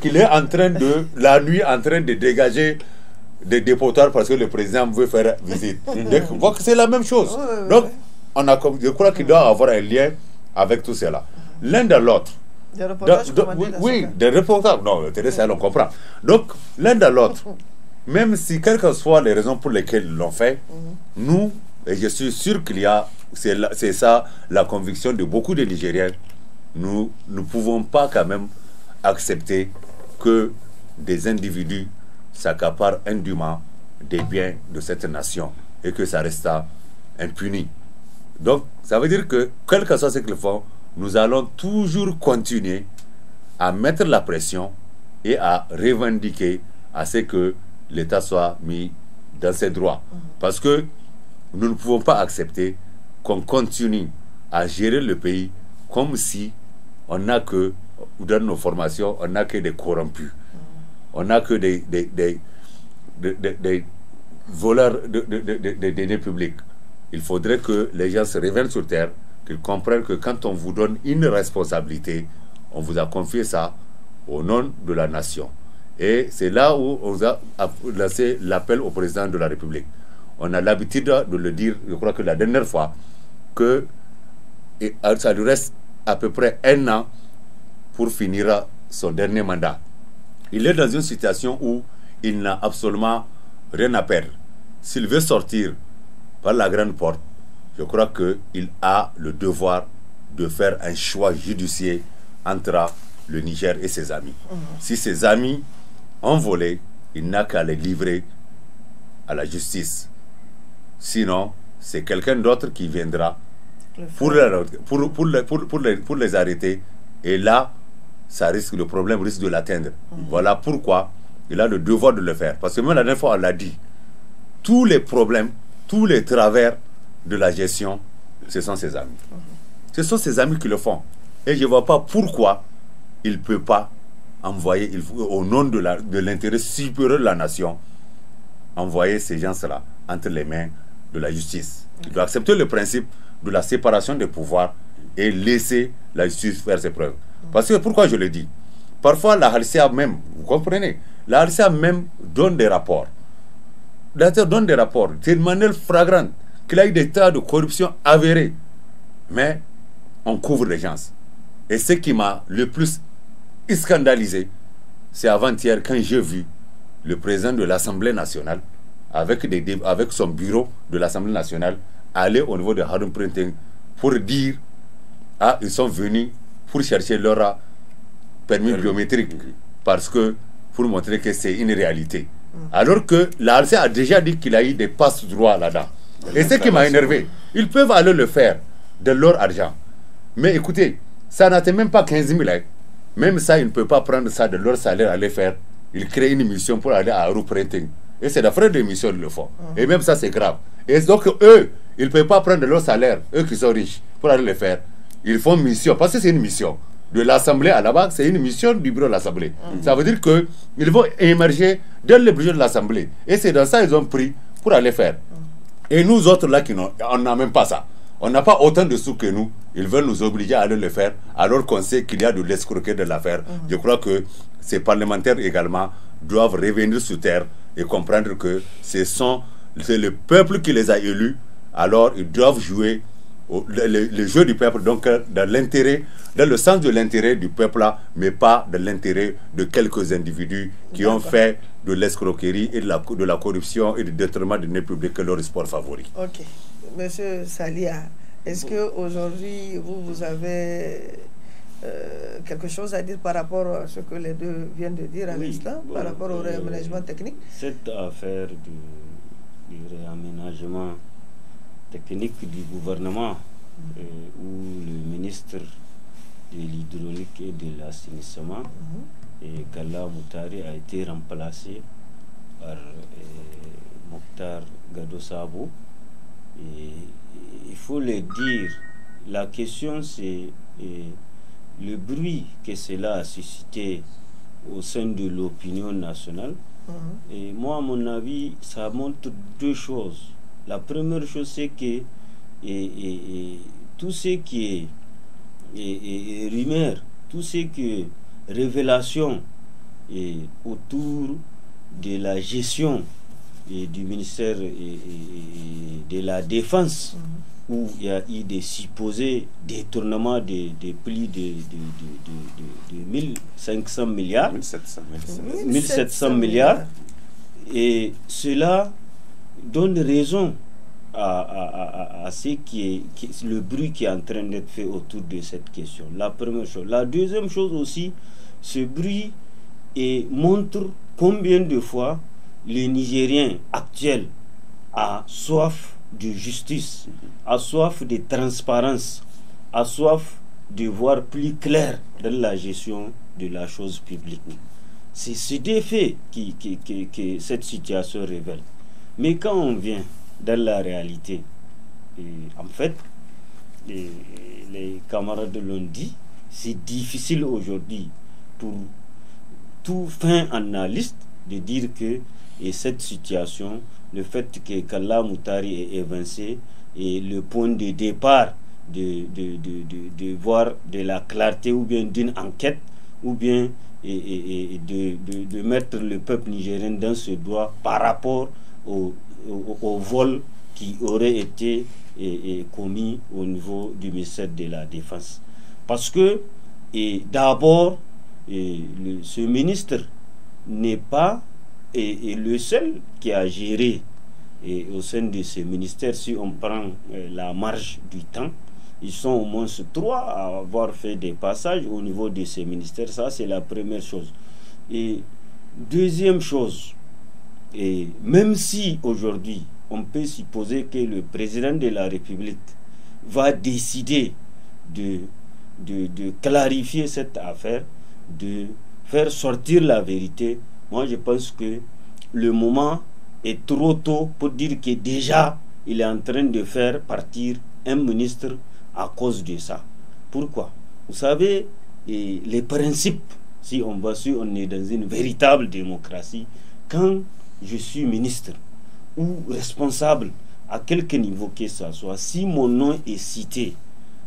D: qu'il est en train de, la nuit, en train de dégager des dépotoirs parce que le président veut faire visite. Mm-hmm. Donc, c'est la même chose. Donc, on a, je crois qu'il doit mm-hmm. avoir un lien avec tout cela. L'un de l'autre. Des oui, des reportages. Non, Thérèse, ça, on comprend. Donc, l'un de l'autre, même si, quelles que soient les raisons pour lesquelles ils l'ont fait, mm-hmm. nous, et je suis sûr qu'il y a, c'est ça la conviction de beaucoup de Nigériens, nous ne pouvons pas quand même accepter que des individus s'accaparent indûment des biens de cette nation et que ça reste impuni. Donc, ça veut dire que, quel que soit ce le font, nous allons toujours continuer à mettre la pression et à revendiquer à ce que l'État soit mis dans ses droits. Mm-hmm. Parce que nous ne pouvons pas accepter qu'on continue à gérer le pays comme si on n'a que dans nos formations, on n'a que des corrompus. On n'a que des, des, des, des voleurs de, de, deniers publics. Il faudrait que les gens se réveillent sur terre, qu'ils comprennent que quand on vous donne une responsabilité, on vous a confié ça au nom de la nation. Et c'est là où on a lancé l'appel au président de la République. On a l'habitude de le dire, je crois que la dernière fois, que ça lui reste à peu près un an pour finir son dernier mandat. Il est dans une situation où il n'a absolument rien à perdre. S'il veut sortir par la grande porte, je crois qu'il a le devoir de faire un choix judiciaire entre le Niger et ses amis. Mhm. Si ses amis ont volé, il n'a qu'à les livrer à la justice. Sinon, c'est quelqu'un d'autre qui viendra pour, pour les arrêter. Et là, risque, le problème risque de l'atteindre. Mhm. Voilà pourquoi il a le devoir de le faire. Parce que même la dernière fois, on l'a dit, tous les problèmes, tous les travers de la gestion, ce sont ses amis. Mhm. Ce sont ses amis qui le font. Et je ne vois pas pourquoi il ne peut pas envoyer, il, au nom de l'intérêt supérieur de la nation, envoyer ces gens-là entre les mains de la justice. Il doit accepter le principe de la séparation des pouvoirs et laisser la justice faire ses preuves. Parce que pourquoi je le dis Parfois, la Halcia même, vous comprenez, la Halcia même donne des rapports. La donne des rapports. C'est manière fragrante. qu'il y a eu des tas de corruption avérée. Mais on couvre les gens. Et ce qui m'a le plus scandalisé, c'est avant-hier quand j'ai vu le président de l'Assemblée nationale avec, des, avec son bureau de l'Assemblée nationale aller au niveau de Harun Printing pour dire Ah, ils sont venus chercher leur permis biométrique. Parce que, pour montrer que c'est une réalité. Mm. Alors que l'ALSE a déjà dit qu'il a eu des passes droits là-dedans.
A: Et ce qui m'a énervé,
D: ils peuvent aller le faire de leur argent. Mais écoutez, ça n'atteint même pas 15 000. Hein. Même ça, ils ne peuvent pas prendre ça de leur salaire aller faire. Ils créent une mission pour aller à reprinting. Et c'est la frère de le font. Mm. Et même ça, c'est grave. Et donc, eux, ils ne peuvent pas prendre leur salaire, eux qui sont riches, pour aller le faire. Ils font mission, parce que c'est une mission. De l'Assemblée à la bas c'est une mission du bureau de l'Assemblée. Mm. Ça veut dire qu'ils vont émerger dans le budget de l'Assemblée. Et c'est dans ça qu'ils ont pris pour aller faire. Mm. Et nous autres, là, qui on n'a même pas ça. On n'a pas autant de sous que nous. Ils veulent nous obliger à aller le faire, alors qu'on sait qu'il y a de l'escroquer de l'affaire. Mm. Je crois que ces parlementaires également doivent revenir sur terre et comprendre que c'est le peuple qui les a élus. Alors, ils doivent jouer le, jeu du peuple, donc euh, dans l'intérêt, dans le sens de l'intérêt du peuple, mais pas de l'intérêt de quelques individus qui ont fait de l'escroquerie et de la, de la corruption et du détriment de public que leur sport favori.
A: Ok. Monsieur Salia, ah, est-ce que aujourd'hui vous, vous avez euh, quelque chose à dire par rapport à ce que les deux viennent de dire à l'instant, par rapport au euh, réaménagement technique
B: Cette affaire du, du réaménagement technique du gouvernement euh, où le ministre de l'hydraulique et de l'assainissement, mhm. et Gala Moutari, a été remplacé par euh, Mokhtar Gadosabo. Et, il faut le dire, la question c'est euh, le bruit que cela a suscité au sein de l'opinion nationale. Mhm. Et moi, à mon avis, ça montre deux choses. La première chose, c'est que et, tout ce qui est rumeur, tout ce qui est révélation et, autour de la gestion et du ministère de la Défense, mhm. où il y a eu des supposés détournements de, de plus de, de, de, 1500 milliards, 1700, 1700 milliards, et cela donne raison à, à, à, à ce qui est, le bruit qui est en train d'être fait autour de cette question. La première chose. La deuxième chose aussi, ce bruit et montre combien de fois les Nigériens actuels a soif de justice, a soif de transparence, a soif de voir plus clair dans la gestion de la chose publique. C'est ce défait qui, que cette situation révèle. Mais quand on vient dans la réalité, en fait, les, camarades l'ont dit, c'est difficile aujourd'hui pour tout fin analyste de dire que et cette situation, le fait que Kalla Moutari est évincé est le point de départ de, de, voir de la clarté ou bien d'une enquête ou bien et, de, mettre le peuple nigérien dans ce droit par rapport au, vol qui aurait été eh, eh, commis au niveau du ministère de la Défense. Parce que eh, d'abord, ce ministre n'est pas et, le seul qui a géré et au sein de ce ministère, si on prend la marge du temps, ils sont au moins trois à avoir fait des passages au niveau de ce ministère, Ça, c'est la première chose. Et deuxième chose, et même si aujourd'hui, on peut supposer que le président de la République va décider de, de, clarifier cette affaire, de faire sortir la vérité, moi je pense que le moment est trop tôt pour dire que déjà il est en train de faire partir un ministre à cause de ça. Pourquoi Vous savez, et les principes, si on va sur, on est dans une véritable démocratie, quand je suis ministre ou responsable à quelque niveau que ce soit, si mon nom est cité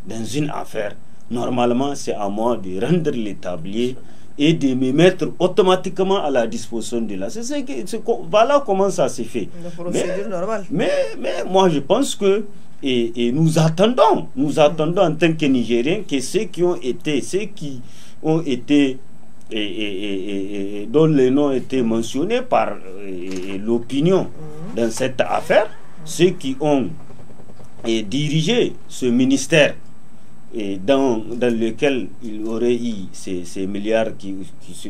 B: dans une affaire, normalement c'est à moi de rendre l'établi et de me mettre automatiquement à la disposition de la. C'est ce voilà comment ça s'est fait.
A: Mais, mais, mais,
B: moi je pense que et, nous attendons, nous attendons en tant que Nigériens que ceux qui ont été, ceux qui ont été et, dont les noms étaient mentionnés par l'opinion mhm. dans cette affaire, ceux qui ont dirigé ce ministère et dans, lequel il aurait eu ces, milliards qui,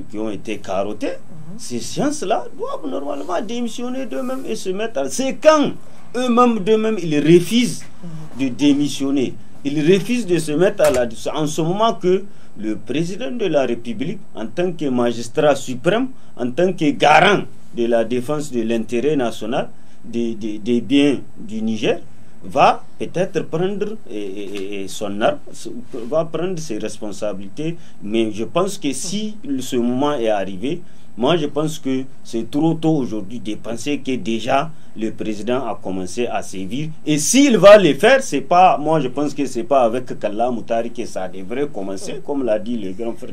B: qui, ont été carottés, mhm. ces sciences-là doivent normalement démissionner d'eux-mêmes et se mettre à... C'est quand eux-mêmes d'eux-mêmes, ils refusent mhm. de démissionner. Ils refusent de se mettre à la... En ce moment que le président de la République, en tant que magistrat suprême, en tant que garant de la défense de l'intérêt national des, biens du Niger, va peut-être prendre son arme, va prendre ses responsabilités. Mais je pense que si ce moment est arrivé, moi, je pense que c'est trop tôt aujourd'hui de penser que déjà le président a commencé à sévir. Et s'il va le faire, c'est pas, moi je pense que c'est pas avec Kalla Moutari que ça devrait commencer, comme l'a dit le grand frère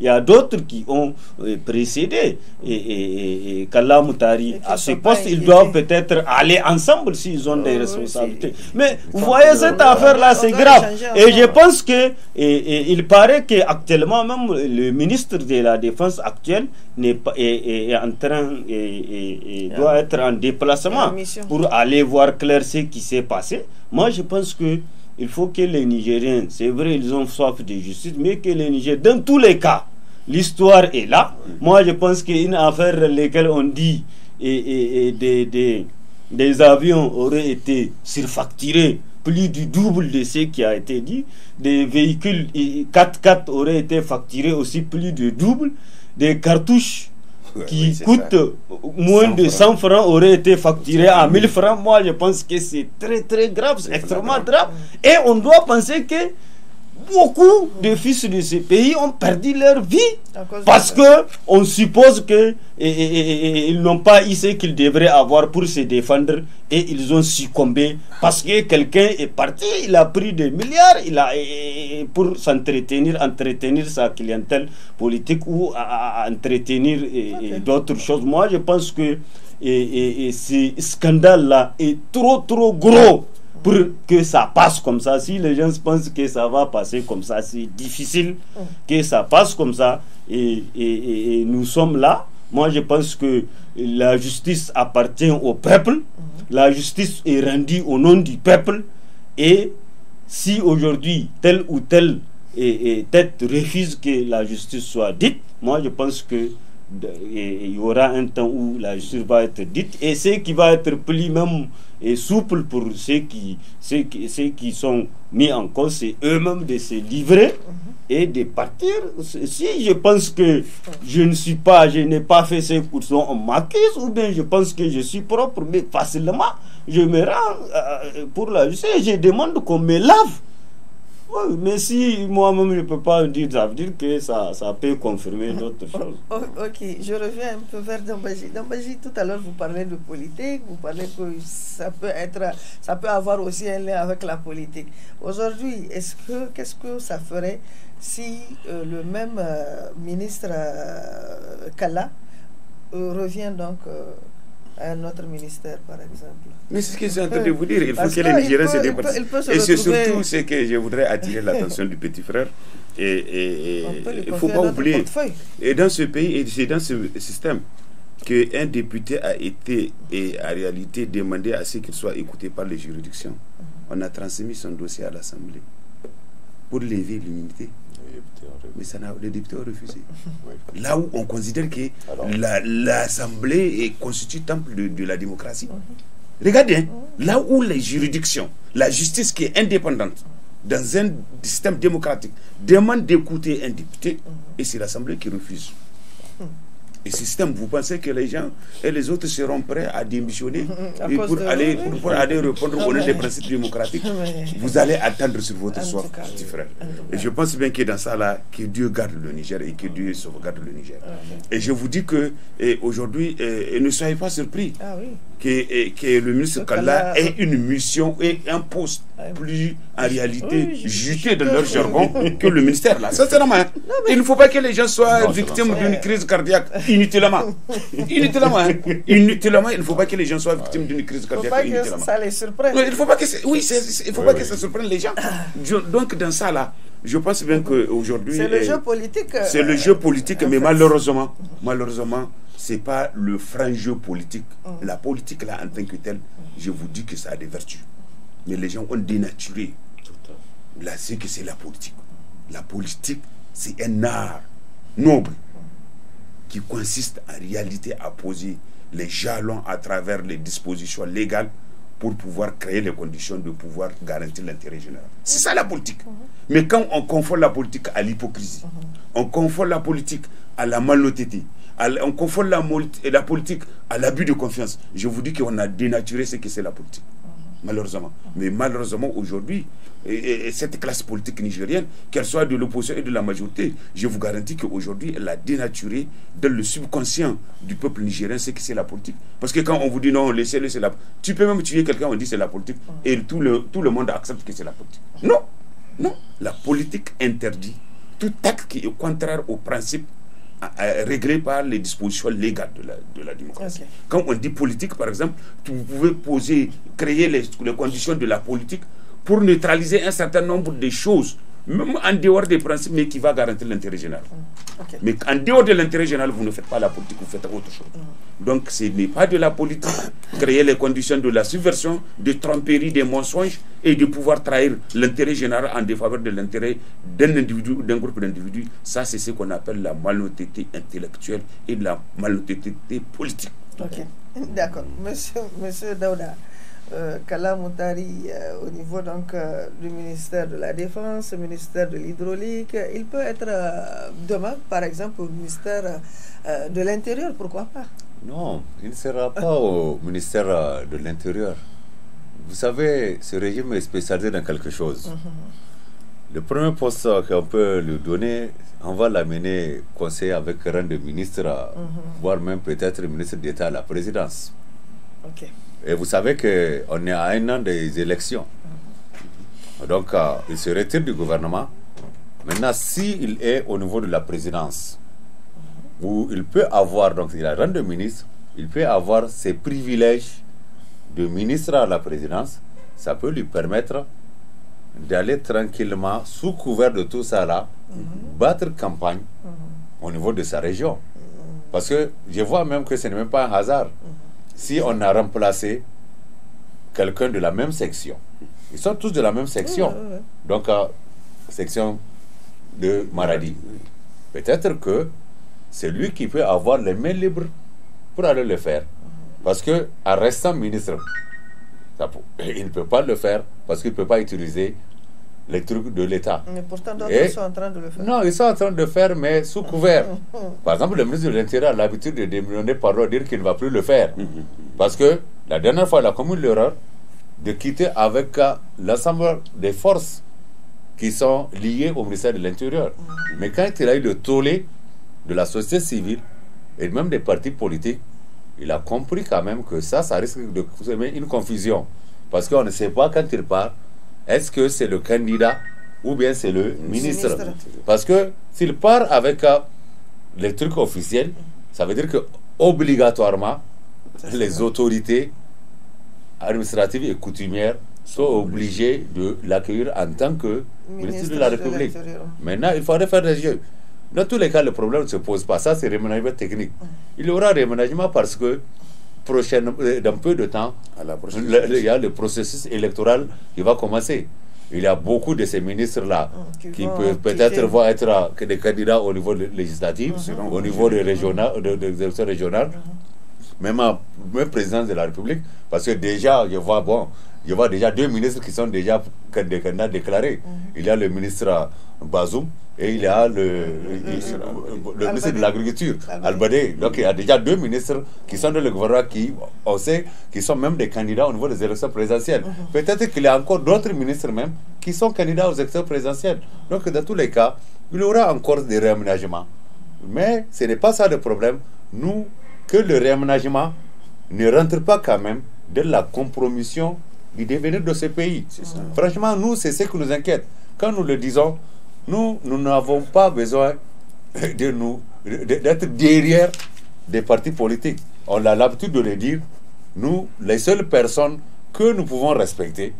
B: Il y a d'autres qui ont euh, précédé et, Kalla Moutari à ce poste. Ils doivent peut-être aller ensemble s'ils ont des oh, responsabilités. Mais vous voyez, cette affaire-là, c'est grave. Et je pense que, il paraît qu'actuellement, même le ministre de la Défense actuel n'est est, en train et, doit être en déplacement pour aller voir clair ce qui s'est passé. Moi, je pense que il faut que les Nigériens, c'est vrai, ils ont soif de justice, mais que les Nigériens, dans tous les cas, l'histoire est là. Moi, je pense qu'une affaire laquelle on dit et, des, des, des avions auraient été surfacturés plus du double de ce qui a été dit. Des véhicules 4x4 auraient été facturés aussi plus du double des cartouches qui coûtent moins de 100 francs. auraient été facturées à 1000 francs. Moi, je pense que c'est très, très grave, c'est extrêmement grave. Et on doit penser que beaucoup de fils de ce pays ont perdu leur vie parce que on suppose que ils n'ont pas eu ce qu'ils devraient avoir pour se défendre et ils ont succombé parce que quelqu'un est parti, il a pris des milliards il a, pour s'entretenir, entretenir sa clientèle politique ou à, entretenir d'autres choses. Moi, je pense que et, ce scandale-là est trop, trop gros pour que ça passe comme ça. Si les gens pensent que ça va passer comme ça, c'est difficile mm. que ça passe comme ça. Et, et, nous sommes là. Moi, je pense que la justice appartient au peuple. Mm. La justice est rendue au nom du peuple. Et si aujourd'hui, tel ou tel tête refuse que la justice soit dite, moi, je pense que il y aura un temps où la justice va être dite et ce qui va être plus... même et souple pour ceux qui, ceux qui, ceux qui sont mis en cause, c'est eux-mêmes de se livrer mhm. et de partir. Si je pense que je ne suis pas, je n'ai pas fait ces cours, on m'accuse, ou bien je pense que je suis propre, mais facilement, je me rends euh, pour la justice et je demande qu'on me lave oui, mais si moi-même je ne peux pas dire, ça veut dire que ça, peut confirmer d'autres choses.
A: Oh, ok, je reviens un peu vers Dambaji. Dambaji, tout à l'heure, vous parlez de politique, vous parlez que ça peut, être, ça peut avoir aussi un lien avec la politique. Aujourd'hui, est-ce que, qu'est-ce que ça ferait si euh, le même euh, ministre euh, Kala revient donc un autre ministère, par exemple. Mais c'est ce que j'ai entendu vous
C: dire. Il faut que les Nigériens se Et c'est surtout ce que je voudrais attirer l'attention du petit frère. Et il ne faut pas oublier. Et dans ce pays, et c'est dans ce système qu'un député a été, et en réalité, demandé à ce qu'il soit écouté par les juridictions. Mhm. On a transmis son dossier à l'Assemblée pour lever l'immunité. Mais ça les députés ont refusé. Là où on considère que l'Assemblée est constituée temple de, la démocratie. Mhm. Regardez, hein, mhm. là où les juridictions, la justice qui est indépendante dans un système démocratique demande d'écouter un député, mhm. et c'est l'Assemblée qui refuse le système, vous pensez que les gens et les autres seront prêts à démissionner pour, aller, pour, répondre au ah des principes démocratiques ah Vous allez attendre sur votre soif, petit frère. Et je pense bien que dans ça, là, que Dieu garde le Niger et que Dieu sauvegarde le Niger. Ah et je vous dis que aujourd'hui, ne soyez pas surpris. Ah, oui que, eh, que le ministre Kalla ait une mission et un poste ah plus en réalité oui, jeté dans leur jargon que le ministère là. Sincèrement, hein. il ne faut pas que les gens soient victimes d'une crise cardiaque inutilement.
A: inutilement, hein.
C: inutilement, il ne faut pas que les gens soient victimes d'une crise cardiaque il ne faut pas Que ça
A: les surprenne. Oui, il ne faut pas que ça
C: surprenne les gens. Donc dans ça là, je pense bien qu'aujourd'hui... Eh, euh, c'est le jeu
A: politique. C'est le jeu politique, mais
C: malheureusement, malheureusement, c'est pas le franc jeu politique. Mm. La politique, là, en tant que telle, je vous dis que ça a des vertus. Mais les gens ont dénaturé. Là, c'est que c'est la politique. La politique, c'est un art noble qui consiste en réalité à poser les jalons à travers les dispositions légales pour pouvoir créer les conditions de pouvoir garantir l'intérêt général. C'est ça la politique. Mais quand on confond la politique à l'hypocrisie, on confond la politique à la malhonnêteté, on confond la, la politique à l'abus de confiance, je vous dis qu'on a dénaturé ce que c'est la politique malheureusement. Mais malheureusement, aujourd'hui, cette classe politique nigérienne, qu'elle soit de l'opposition et de la majorité, je vous garantis qu'aujourd'hui, elle a dénaturé dans le subconscient du peuple nigérien ce que c'est la politique. Parce que quand on vous dit non, laissez-le, c'est la Tu peux même tuer quelqu'un, on dit c'est la politique, et tout le, tout le monde accepte que c'est la politique. Non, non, la politique interdit tout acte qui est contraire au principe réglé par les dispositions légales de la, de la démocratie. Quand on dit politique, par exemple, vous pouvez poser, créer les, les conditions de la politique pour neutraliser un certain nombre de choses même en dehors des principes, mais qui va garantir l'intérêt général. Mm. Mais en dehors de l'intérêt général, vous ne faites pas la politique, vous faites autre chose. Mm. Donc ce n'est pas de la politique, créer les conditions de la subversion, de tromperie, des mensonges et de pouvoir trahir l'intérêt général en défaveur de l'intérêt d'un individu ou d'un groupe d'individus. Ça, c'est ce qu'on appelle la malhonnêteté intellectuelle et la malhonnêteté politique.
A: d'accord. Monsieur, monsieur euh, Kala Moutari, euh, au niveau donc euh, du ministère de la Défense, ministère de l'Hydraulique. Il peut être demain, par exemple, au ministère de l'Intérieur, pourquoi pas
D: Non, il ne sera pas au ministère de l'Intérieur. Vous savez, ce régime est spécialisé dans quelque chose.
A: Mm-hmm.
D: Le premier poste qu'on peut lui donner, on va l'amener conseiller avec rang de ministre, mm-hmm. voire même peut-être ministre d'État à la présidence. Ok. Et vous savez qu'on est à un an des élections. Donc, euh, il se retire du gouvernement. Maintenant, s'il est au niveau de la présidence, où il peut avoir, donc il a rang de ministre, il peut avoir ses privilèges de ministre à la présidence, ça peut lui permettre d'aller tranquillement, sous couvert de tout ça là, battre campagne au niveau de sa région. Parce que je vois même que ce n'est même pas un hasard si on a remplacé quelqu'un de la même section. Ils sont tous de la même section. Donc, euh, section de Maradi. Peut-être que c'est lui qui peut avoir les mains libres pour aller le faire. Parce que en restant ministre, il ne peut pas le faire parce qu'il ne peut pas utiliser les trucs de l'État.
A: Mais pourtant, d'autres sont en train de le faire. Non, ils sont
D: en train de le faire, mais sous couvert. Par exemple, le ministre de l'Intérieur a l'habitude de démissionner par dire qu'il ne va plus le faire. Parce que la dernière fois, il a commis l'erreur de quitter avec euh, l'ensemble des forces qui sont liées au ministère de l'Intérieur. Mm. Mais quand il a eu le tollé de la société civile et même des partis politiques, il a compris quand même que ça, ça risque de semer une confusion. Parce qu'on ne sait pas quand il part est-ce que c'est le candidat ou bien c'est le ministre, Parce que s'il part avec euh, les trucs officiels, ça veut dire que obligatoirement, les autorités administratives et coutumières sont obligées de l'accueillir en tant que ministre, de la République. Maintenant, il faudrait faire des yeux. Dans tous les cas, le problème ne se pose pas. Ça, c'est réménagement technique. Il y aura réménagement parce que euh, dans peu de temps, il y a le processus électoral qui va commencer. Il y a beaucoup de ces ministres-là oh,
A: qui qui peut-être vont
D: être euh, que des candidats au niveau législatif, mm-hmm. au niveau des régional, de, de, mm-hmm. même, à, même président de la République, parce que déjà, je vois, bon, je vois déjà deux ministres qui sont déjà des candidats déclarés. Mm-hmm. Il y a le ministre euh, Bazoum, et il y a le, ministre de l'Agriculture, Albade Donc il y a déjà deux ministres qui sont dans le gouvernement qui, on sait, qui sont même des candidats au niveau des élections présidentielles. Mhm. Peut-être qu'il y a encore d'autres ministres même qui sont candidats aux élections présidentielles. Donc dans tous les cas, il y aura encore des réaménagements. Mais ce n'est pas ça le problème. Nous, que le réaménagement ne rentre pas quand même de la compromission du devenir de ce pays. Franchement, nous, c'est ce qui nous inquiète. Quand nous le disons, nous, nous n'avons pas besoin de nous d'être derrière des partis politiques. On a l'habitude de le dire. Nous, les seules personnes que nous pouvons respecter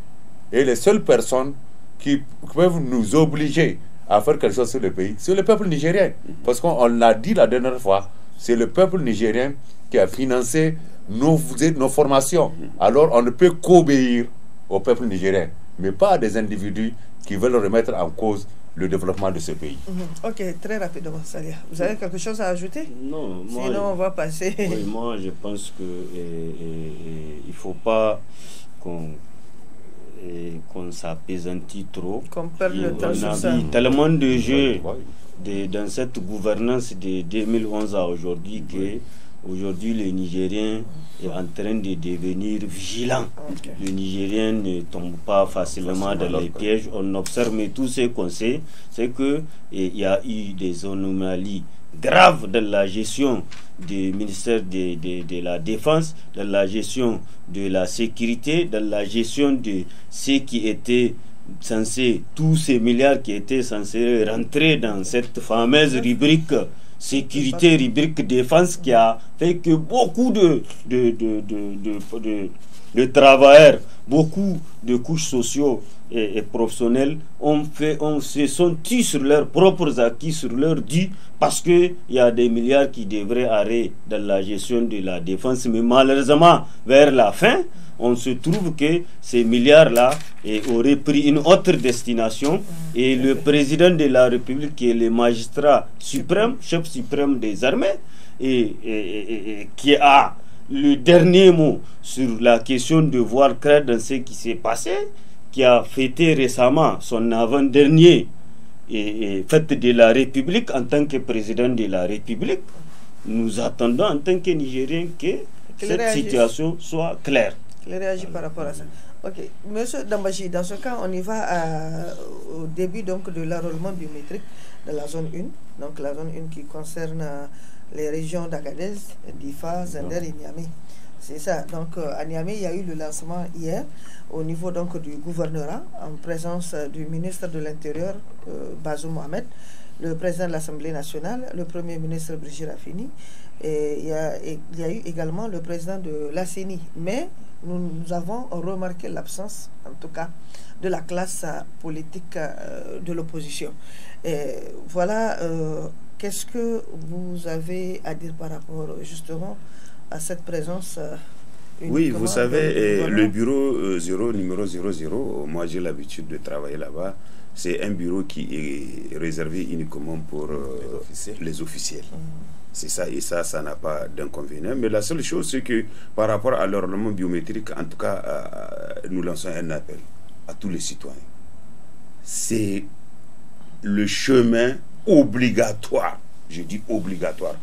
D: et les seules personnes qui peuvent nous obliger à faire quelque chose sur le pays, c'est le peuple nigérien. Parce qu'on l'a dit la dernière fois, c'est le peuple nigérien qui a financé nos, nos formations. Alors on ne peut qu'obéir au peuple nigérien, mais pas à des individus qui veulent remettre en cause le développement de ce
B: pays.
A: Mhm. Ok, très rapidement, Salia. Vous avez quelque chose à ajouter Non, moi, sinon on va passer.
B: moi je pense que il faut pas qu'on eh, qu'on s'apaisantit trop. Qu'on perde le temps sur ça. tellement de jeux dans cette gouvernance de 2011 à aujourd'hui que Aujourd'hui, le Nigérien est en train de devenir vigilant. Le Nigérien ne tombe pas facilement dans les pièges. On observe, mais tout ce qu'on sait, c'est qu'il eh, y a eu des anomalies graves dans la gestion du ministère de, de, de, la Défense, dans la gestion de la sécurité, dans la gestion de ce qui était censé, tous ces milliards qui étaient censés rentrer dans cette fameuse mmh. rubrique sécurité rubrique défense qui a fait que beaucoup de, de, de, de le travailleurs, beaucoup de couches sociaux et, professionnelles ont fait, ont se sont sur leurs propres acquis, sur leurs dits, parce qu'il y a des milliards qui devraient arrêter dans la gestion de la défense. Mais malheureusement, vers la fin, on se trouve que ces milliards-là auraient pris une autre destination et le président de la République, qui est le magistrat suprême, chef suprême des armées, et qui a le dernier mot sur la question de voir clair dans ce qui s'est passé, qui a fêté récemment son avant-dernier fête de la République en tant que président de la République, nous attendons en tant que Nigériens que cette situation soit claire.
A: Qu'il réagit par rapport à ça. Ok, Monsieur Dambaji, dans ce cas, on y va au début donc de l'enrôlement biométrique de la zone 1, donc la zone 1 qui concerne euh, les régions d'Agadez, d'Ifa, Zender et Niamey. C'est ça. Donc euh, à Niamey, il y a eu le lancement hier au niveau donc du gouvernorat en présence euh, du ministre de l'Intérieur, euh, Bazou Mohamed, le président de l'Assemblée nationale, le premier ministre Brigitte Raffini. Et il y, a, il eu également le président de CENI. Mais nous, nous, avons remarqué l'absence, en tout cas, de la classe politique de l'opposition. Et voilà Qu'est-ce que vous avez à dire par rapport justement à cette présence euh, oui, vous savez, le
C: bureau 0, euh, numéro 00, moi j'ai l'habitude de travailler là-bas. C'est un bureau qui est réservé uniquement pour euh, les officiels. Mm. C'est ça, et ça, ça n'a pas d'inconvénient. Mais la seule chose, c'est que par rapport à l'ornement biométrique, en tout cas, nous lançons un appel à tous les citoyens. C'est le chemin obligatoire, je dis obligatoire,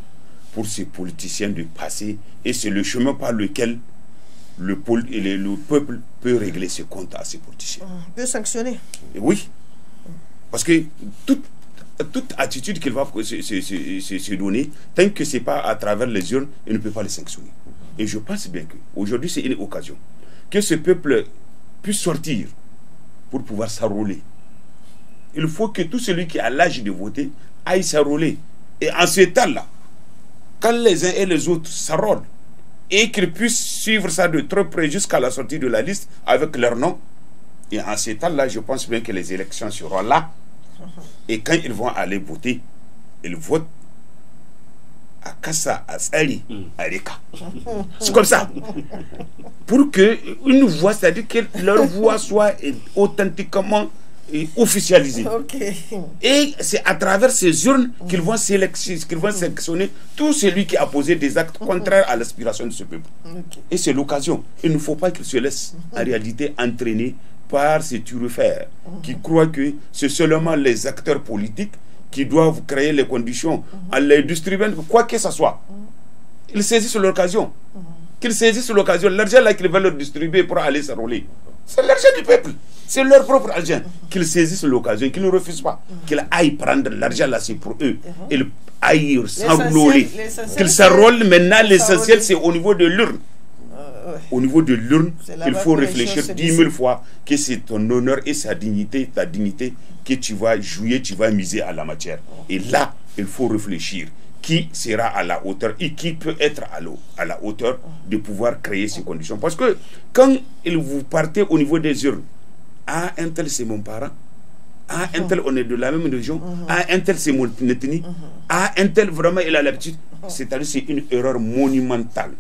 C: pour ces politiciens de passer et c'est le chemin par lequel le, peuple peut régler ses comptes à ces politiciens. Il ah,
A: peut sanctionner.
C: Oui. Parce que toute, attitude qu'il va se, donner, tant que ce n'est pas à travers les urnes, il ne peut pas les sanctionner. Et je pense bien qu'aujourd'hui, c'est une occasion que ce peuple puisse sortir pour pouvoir s'arrouler il faut que tout celui qui a l'âge de voter aille s'enrôler. Et en ce temps-là, quand les uns et les autres s'enrôlent, et qu'ils puissent suivre ça de très près jusqu'à la sortie de la liste avec leur nom. Et en ce temps-là, je pense bien que les élections seront là. Et quand ils vont aller voter, ils votent à Kassa, à Sali, à Reka. C'est comme ça. Pour qu'une voix, c'est-à-dire que leur voix soit authentiquement officialisé. Et c'est à travers ces urnes qu'ils vont, vont sélectionner tout celui qui a posé des actes contraires à l'aspiration de ce peuple. Et c'est l'occasion. Il ne faut pas qu'ils se laissent en réalité entraîner par ces turifères qui croient que c'est seulement les acteurs politiques qui doivent créer les conditions mhm. à les distribuer, quoi que ce soit. Mhm. Ils saisissent l'occasion. Mhm. Qu'ils saisissent l'occasion. L'argent là qu'ils veulent leur distribuer pour aller s'enrôler, c'est l'argent du peuple. C'est leur propre argent. Qu'ils saisissent l'occasion, qu'ils ne refusent pas. Qu'ils aillent prendre l'argent là, c'est pour eux. Ils aillent s'enrôler Qu'ils s'enrôlent maintenant, l'essentiel c'est au niveau de l'urne. Euh, au niveau de l'urne, il faut réfléchir dix mille fois que c'est ton honneur et sa dignité, ta dignité, que tu vas jouer, tu vas miser à la matière. Et là, il faut réfléchir qui sera à la hauteur et qui peut être à, la hauteur de pouvoir créer ces conditions. Parce que quand vous partez au niveau des urnes, ah, un tel, c'est mon parent. Ah, un tel, on est de la même région. Ah, un tel, c'est mon ethnie. Ah, un tel, vraiment, il a l'habitude. Mhm. C'est-à-dire, c'est une erreur monumentale.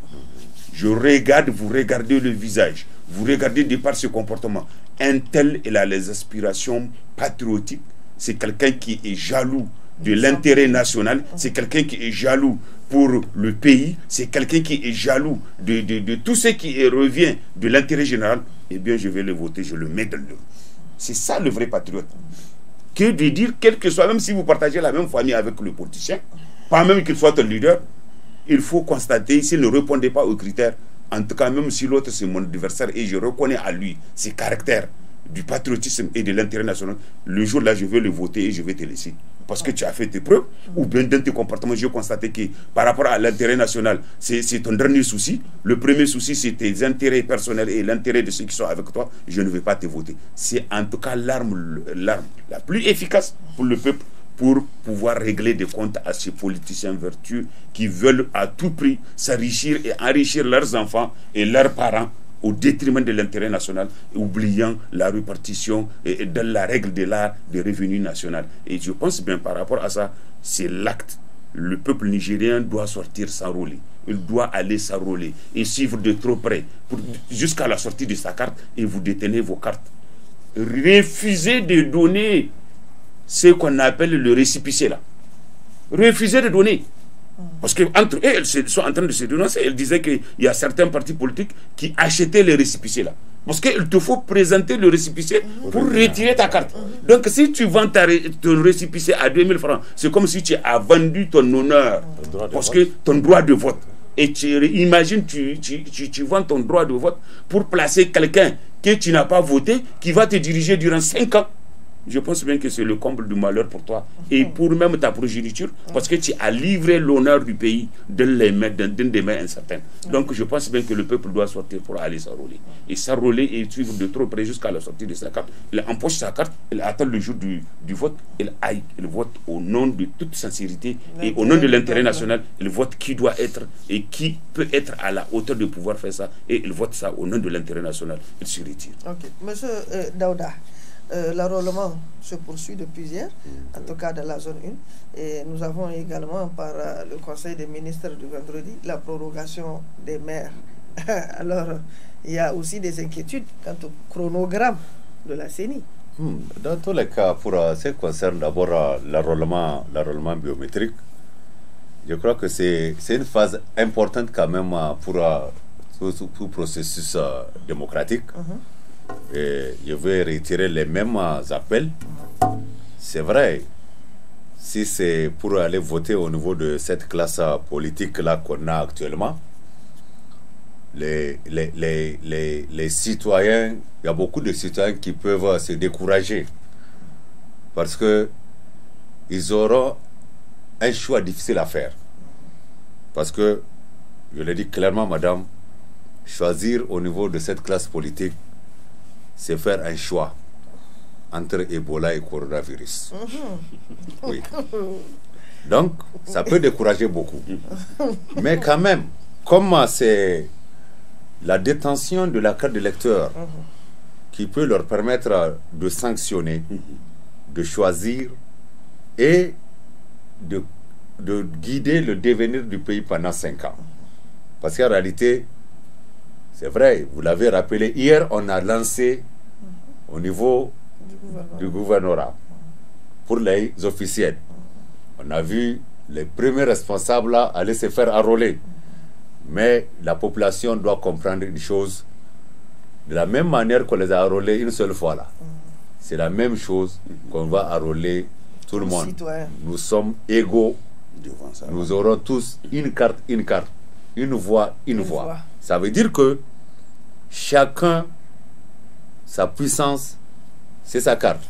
C: Je regarde, vous regardez le visage. Vous regardez de par ce comportement. Un tel, il a les aspirations patriotiques. C'est quelqu'un qui est jaloux de l'intérêt national. C'est quelqu'un qui est jaloux pour le pays, c'est quelqu'un qui est jaloux de, de, de, tout ce qui revient de l'intérêt général, eh bien, je vais le voter, je le mets dans le. C'est ça le vrai patriote. Que de dire, quel que soit, même si vous partagez la même famille avec le politicien, pas même qu'il soit un leader, il faut constater s'il ne répondait pas aux critères. En tout cas, même si l'autre c'est mon adversaire et je reconnais à lui ses caractères du patriotisme et de l'intérêt national, le jour-là, je vais le voter et je vais te laisser parce que tu as fait tes preuves, ou bien dans tes comportements, j'ai constaté que par rapport à l'intérêt national, c'est ton dernier souci. Le premier souci, c'est tes intérêts personnels et l'intérêt de ceux qui sont avec toi. Je ne vais pas te voter. C'est en tout cas l'arme la plus efficace pour le peuple pour pouvoir régler des comptes à ces politiciens vertueux qui veulent à tout prix s'enrichir et enrichir leurs enfants et leurs parents au détriment de l'intérêt national, oubliant la répartition et, de la règle de l'art des revenus nationaux. Et je pense bien par rapport à ça, c'est l'acte. Le peuple nigérien doit sortir s'enrôler. Il doit aller s'enrôler et suivre de trop près jusqu'à la sortie de sa carte et vous détenez vos cartes. Refusez de donner ce qu'on appelle le récipicé là. Refusez de donner. Parce qu'entre eux, elles sont en train de se dénoncer. Elles disaient qu'il y a certains partis politiques qui achetaient les récipicés là. Parce qu'il te faut présenter le récipicé mhm. pour retirer ta carte. Mhm. Donc si tu vends ton récipicé à 2000 francs, c'est comme si tu as vendu ton honneur. Parce que ton droit de vote. Et tu, imagine, tu, tu vends ton droit de vote pour placer quelqu'un que tu n'as pas voté, qui va te diriger durant 5 ans je pense bien que c'est le comble du malheur pour toi et pour même ta progéniture, parce que tu as livré l'honneur du pays d'un des mains incertaines. Donc je pense bien que le peuple doit sortir pour aller s'enrôler. Et s'enrôler et suivre de trop près jusqu'à la sortie de sa carte. Il empoche sa carte, il attend le jour du, vote, il vote au nom de toute sincérité et au nom de l'intérêt national, il vote qui doit être et qui peut être à la hauteur de pouvoir faire ça. Et il vote ça au nom de l'intérêt national. Il se retire.
A: Ok. Monsieur euh, Daouda. Euh, l'enrôlement se poursuit depuis hier, en tout cas dans la zone 1. Et nous avons également, par euh, le Conseil des ministres du vendredi, la prorogation des maires. Alors, il y a aussi des inquiétudes quant au chronogramme de la CENI.
D: Hmm. Dans tous les cas, pour euh, ce qui concerne d'abord l'enrôlement, biométrique, je crois que c'est une phase importante quand même pour tout, processus démocratique. Mhm je vais retirer les mêmes appels. C'est vrai, si c'est pour aller voter au niveau de cette classe politique-là qu'on a actuellement, les, les, citoyens, il y a beaucoup de citoyens qui peuvent se décourager parce que ils auront un choix difficile à faire. Parce que, je le dis clairement, madame, choisir au niveau de cette classe politique, c'est faire un choix entre Ebola et coronavirus.
A: Mm-hmm. Oui.
D: Donc, ça peut décourager beaucoup. Mais quand même, comment c'est la détention de la carte de lecteur
B: mm-hmm.
D: qui peut leur permettre de sanctionner, de choisir et de, de guider le devenir du pays pendant cinq ans. Parce qu'en réalité, c'est vrai, vous l'avez rappelé, hier on a lancé au niveau du gouvernorat pour les officiels. On a vu les premiers responsables aller se faire enrôler. Mais la population doit comprendre une chose. De la même manière qu'on les a enrôlés une seule fois là, c'est la même chose qu'on va enrôler tout le monde. Nous sommes égaux. Nous aurons tous une carte, une carte, une voix, une, voix. Ça veut dire que chacun, sa puissance, c'est sa carte.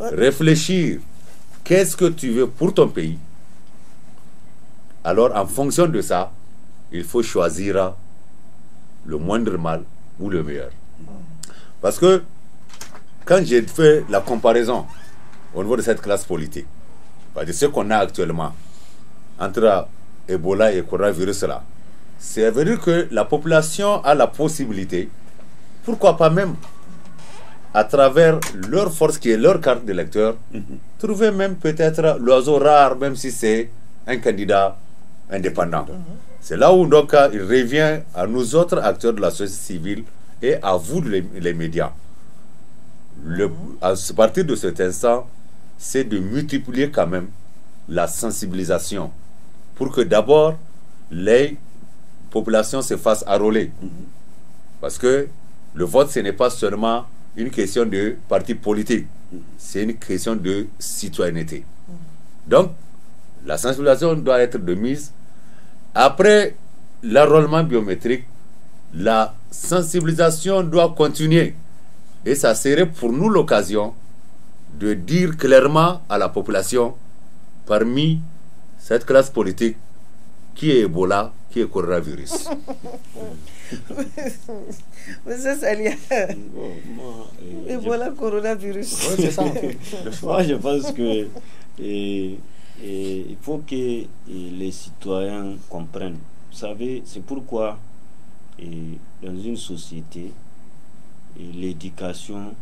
D: Réfléchir, qu'est-ce que tu veux pour ton pays Alors, en fonction de ça, il faut choisir le moindre mal ou le meilleur. Parce que quand j'ai fait la comparaison au niveau de cette classe politique, de ce qu'on a actuellement entre Ebola et coronavirus là, c'est à dire que la population a la possibilité, pourquoi pas même à travers leur force qui est leur carte d'électeur, mhm. trouver même peut-être l'oiseau rare, même si c'est un candidat indépendant. Mhm. C'est là où donc il revient à nous autres acteurs de la société civile et à vous les, médias. Le, mhm. à partir de cet instant, c'est de multiplier quand même la sensibilisation pour que d'abord les population se fasse arroler. Mhm. Parce que le vote, ce n'est pas seulement une question de parti politique, mhm. c'est une question de citoyenneté. Mhm. Donc, la sensibilisation doit être de mise. Après l'enrôlement biométrique, la sensibilisation doit continuer. Et ça serait pour nous l'occasion de dire clairement à la population, parmi cette classe politique, qui est Ebola, coronavirus.
A: et voilà coronavirus. moi, je pense que
B: il faut que les citoyens comprennent. Vous savez, c'est pourquoi et, dans une société, l'éducation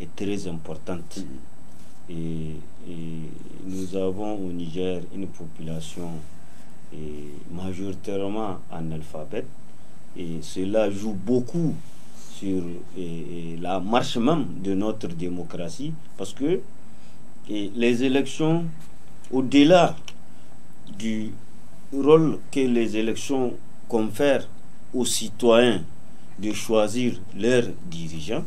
B: est très importante. Mm. et nous avons au Niger une population et majoritairement analphabète Et cela joue beaucoup sur la marche même de notre démocratie parce que les élections, au-delà du rôle que les élections confèrent aux citoyens de choisir leurs dirigeants,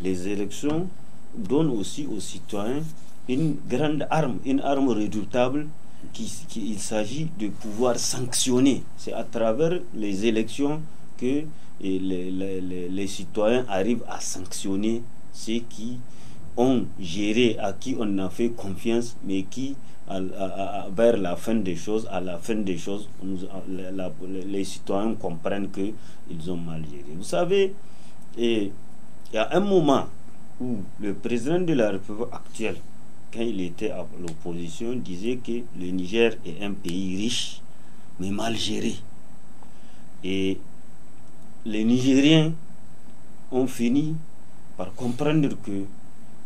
B: les élections donnent aussi aux citoyens une grande arme, une arme redoutable qu'il s'agit de pouvoir sanctionner. C'est à travers les élections que eh, les, les, les, citoyens arrivent à sanctionner ceux qui ont géré, à qui on a fait confiance, mais qui, vers la fin des choses, à la fin des choses, les citoyens comprennent qu'ils ont mal géré. Vous savez, eh, il y a un moment où le président de la République actuelle quand il était à l'opposition, disait que le Niger est un pays riche, mais mal géré. Et les Nigériens ont fini par comprendre que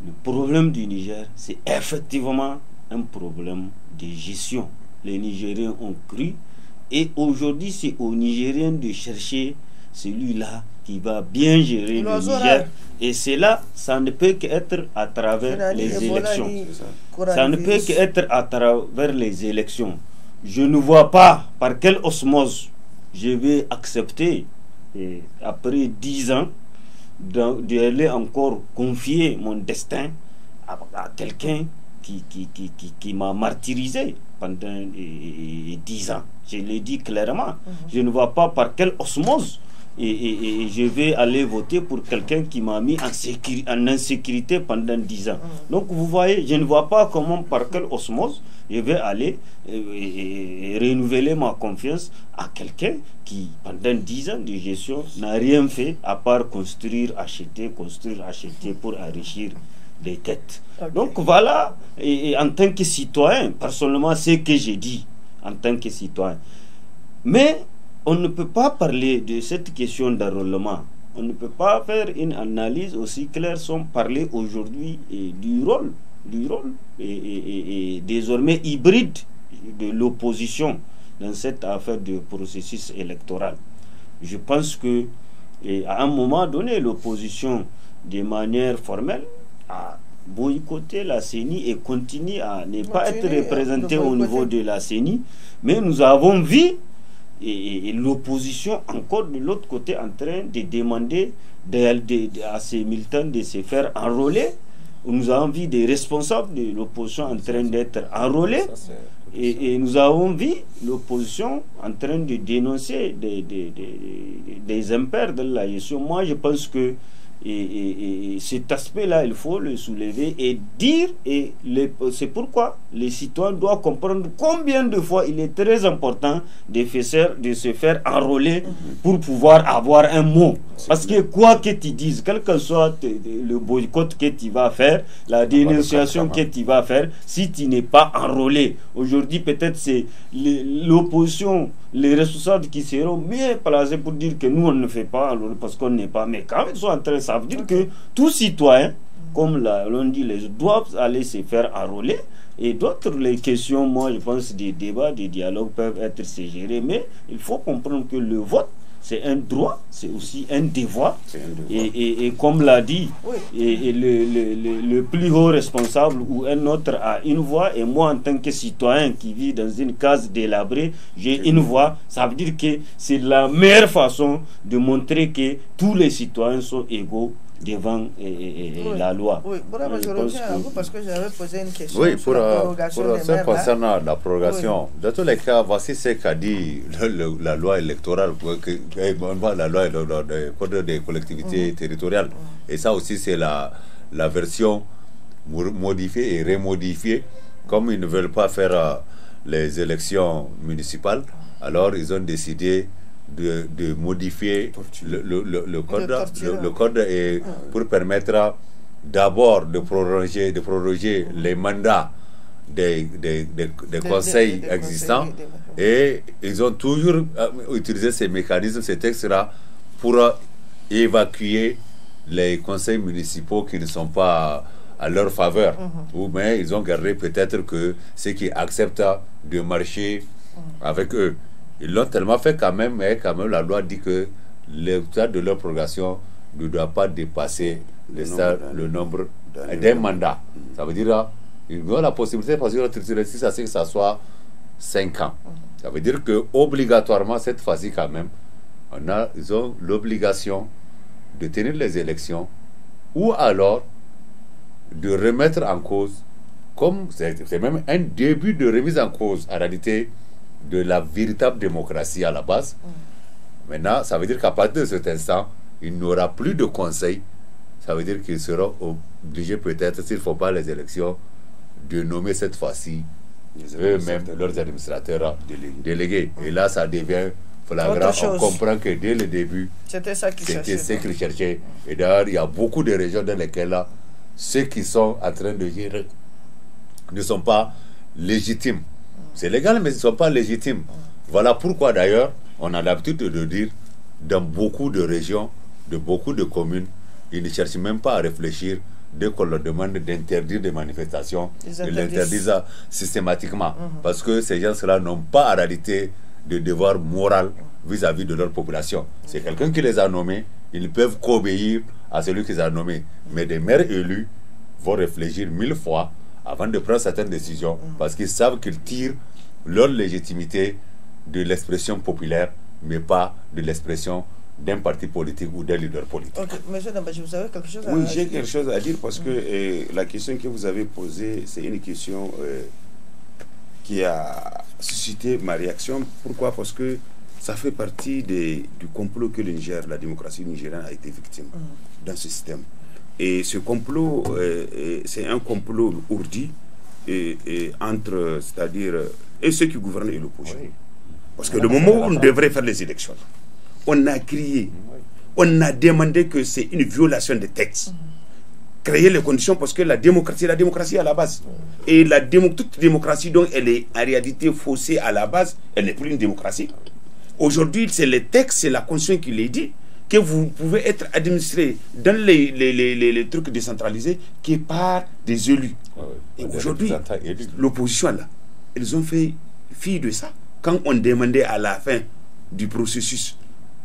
B: le problème du Niger, c'est effectivement un problème de gestion. Les Nigériens ont cru et aujourd'hui, c'est aux Nigériens de chercher celui-là qui va bien gérer le Niger. Et cela, ça ne peut qu'être à travers les élections. Ça ne peut qu'être à travers les élections. Je ne vois pas par quelle osmose je vais accepter, et après dix ans, d'aller encore confier mon destin à, quelqu'un qui, qui, qui, qui, m'a martyrisé pendant dix ans. Je l'ai dit clairement. Mhm. Je ne vois pas par quelle osmose et, je vais aller voter pour quelqu'un qui m'a mis en, insécurité pendant 10 ans. Mm. Donc vous voyez, je ne vois pas comment, par quelle osmose, je vais aller euh, renouveler ma confiance à quelqu'un qui, pendant 10 ans de gestion, n'a rien fait à part construire, acheter, construire, acheter pour enrichir des têtes. Donc voilà, et, en tant que citoyen, personnellement, c'est ce que j'ai dit en tant que citoyen. Mais on ne peut pas parler de cette question d'enrôlement. On ne peut pas faire une analyse aussi claire sans parler aujourd'hui du rôle, du rôle et, désormais hybride de l'opposition dans cette affaire de processus électoral. Je pense que à un moment donné, l'opposition, de manière formelle, a boycotté la CENI et continue à ne pas être représentée au niveau de la CENI. Mais nous avons vu et, l'opposition encore de l'autre côté en train de demander à ces militants de se faire enrôler. Nous avons vu des responsables de l'opposition en train d'être enrôlés. et, nous avons vu l'opposition en train de dénoncer des, des, impairs de la gestion. Moi, je pense que et, cet aspect-là, il faut le soulever et dire, et c'est pourquoi les citoyens doivent comprendre combien de fois il est très important de, de se faire enrôler mhm. pour pouvoir avoir un mot. Parce que quoi que tu dises, quel que soit le boycott que tu vas faire, la dénonciation que tu vas faire, si tu n'es pas enrôlé, aujourd'hui peut-être c'est l'opposition les ressources qui seront mieux placés pour dire que nous on ne fait pas parce qu'on n'est pas mais quand ils sont en train ça veut dire que tout citoyen, comme l'on dit, les, doivent aller se faire enrôler. Et d'autres, les questions, moi, je pense, des débats, des dialogues peuvent être suggérés, Mais il faut comprendre que le vote, c'est un droit, c'est aussi un devoir. Et, comme l'a dit et, le, le, plus haut responsable ou un autre a une voix, et moi en tant que citoyen qui vit dans une case délabrée, j'ai une voix. Ça veut dire que c'est la meilleure façon de montrer que tous les citoyens sont égaux devant et, la loi. Oui,
A: hein, parce que une question. pour, la euh, prorogation pour euh,
D: la prorogation, dans tous les cas, voici ce qu'a dit la loi électorale, euh, la loi des collectivités mm. territoriales. Mm. Et ça aussi, c'est la, version modifiée et remodifiée. Comme ils ne veulent pas faire les élections municipales, alors ils ont décidé de, modifier le, code, le, code et pour permettre d'abord de proroger, de proroger les mandats des, conseils existants. et ils ont toujours euh, utilisé ces mécanismes, ces textes-là, pour euh, évacuer les conseils municipaux qui ne sont pas à leur faveur. Mm-hmm. Ou mais ils ont gardé peut-être que ceux qui acceptent de marcher mm-hmm. avec eux. Ils l'ont tellement fait quand même, mais quand même la loi dit que le stade de leur progression ne doit pas dépasser le, le nombre d'un mandat. Mm. Ça veut dire qu'ils ils ont la possibilité parce que le 6 c'est que ça soit 5 ans. Mm. Ça veut dire que obligatoirement, cette fois-ci quand même, ils ont l'obligation de tenir les élections ou alors de remettre en cause, comme c'est même un début de remise en cause en réalité de la véritable démocratie à la base. Mm. Maintenant, ça veut dire qu'à partir de cet instant, il n'aura plus de conseil. Ça veut dire qu'ils seront obligés peut-être, s'il ne font pas les élections, de nommer cette fois-ci eux-mêmes leurs administrateurs mm. délégués. Et là, ça devient flagrant. On comprend que dès le début,
A: c'était ça qu'ils
D: cherchaient. Et d'ailleurs, il y a beaucoup de régions dans lesquelles là, ceux qui sont en train de gérer ne sont pas légitimes c'est légal, mais ils ne sont pas légitimes. Voilà pourquoi d'ailleurs, on a l'habitude de dire, dans beaucoup de régions, de beaucoup de communes, ils ne cherchent même pas à réfléchir dès qu'on leur demande d'interdire des manifestations, ils l'interdisent systématiquement. Mhm. Parce que ces gens-là n'ont pas en réalité de devoir moral vis-à-vis de leur population. C'est quelqu'un qui les a nommés, ils ne peuvent qu'obéir à celui qu'ils ont nommé. Mais des maires élus vont réfléchir mille fois avant de prendre certaines décisions, mm. parce qu'ils savent qu'ils tirent leur légitimité de l'expression populaire, mais pas de l'expression d'un parti politique ou d'un leader politique.
A: Monsieur Dambaji, vous avez quelque chose à Oui, j'ai quelque
C: chose à dire parce mm. que euh, la question que vous avez posée, c'est une question euh, qui a suscité ma réaction. Pourquoi Parce que ça fait partie du complot que la démocratie nigérienne a été victime mm. dans ce système et ce complot, euh, euh, c'est un complot ourdi et, entre, c'est-à-dire, et ceux qui gouvernent et l'opposition. Parce que le moment où on devrait faire les élections, on a crié, on a demandé que c'est une violation des textes. Mhm. Créer les conditions parce que la démocratie, la démocratie à la base. Et la toute démocratie, dont elle est en réalité faussée à la base, elle n'est plus une démocratie. Aujourd'hui, c'est les textes, c'est la conscience qui les dit que vous pouvez être administré dans les, les, trucs décentralisés qui par des élus. Et aujourd'hui, l'opposition, là, ils ont fait fi de ça. Quand on demandait à la fin du processus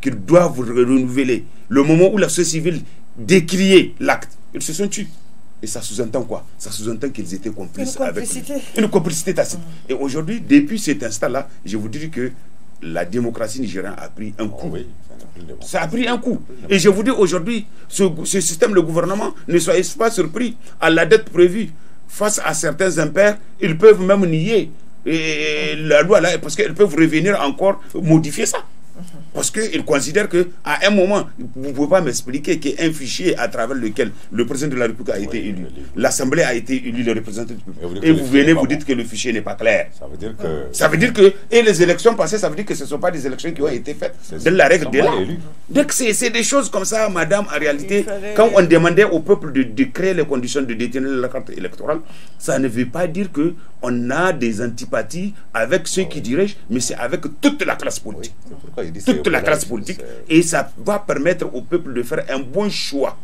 C: qu'ils doivent renouveler, le moment où la société civile décriait l'acte, ils se sont tués. Et ça sous-entend quoi Ça sous-entend qu'ils étaient complices une avec une complicité tacite. Mmh. Et aujourd'hui, depuis cet instant-là, je vous dis que la démocratie nigérienne a pris un coup. Oh ça a pris un coup. Et je vous dis aujourd'hui, ce, système de gouvernement, ne soyez pas surpris à la dette prévue. Face à certains impairs, ils peuvent même nier la loi là, parce qu'ils peuvent revenir encore modifier ça. Parce qu'ils considèrent qu'à un moment, vous ne pouvez pas m'expliquer un fichier à travers lequel le président de la République a été élu, l'Assemblée a été élue, le représentant du peuple, et vous, venez vous dites que le fichier n'est pas clair.
D: Ça veut dire que... Ça veut dire
C: que... Et les élections passées, ça veut dire que ce ne sont pas des élections qui ont été faites de la règle de Donc c'est des choses comme ça, madame, en réalité, quand on demandait au peuple de, de créer les conditions de détenir la carte électorale, ça ne veut pas dire que on a des antipathies avec ceux qui dirigent, mais c'est avec toute la classe politique. toute la classe politique. Et ça va permettre au peuple de faire un bon choix.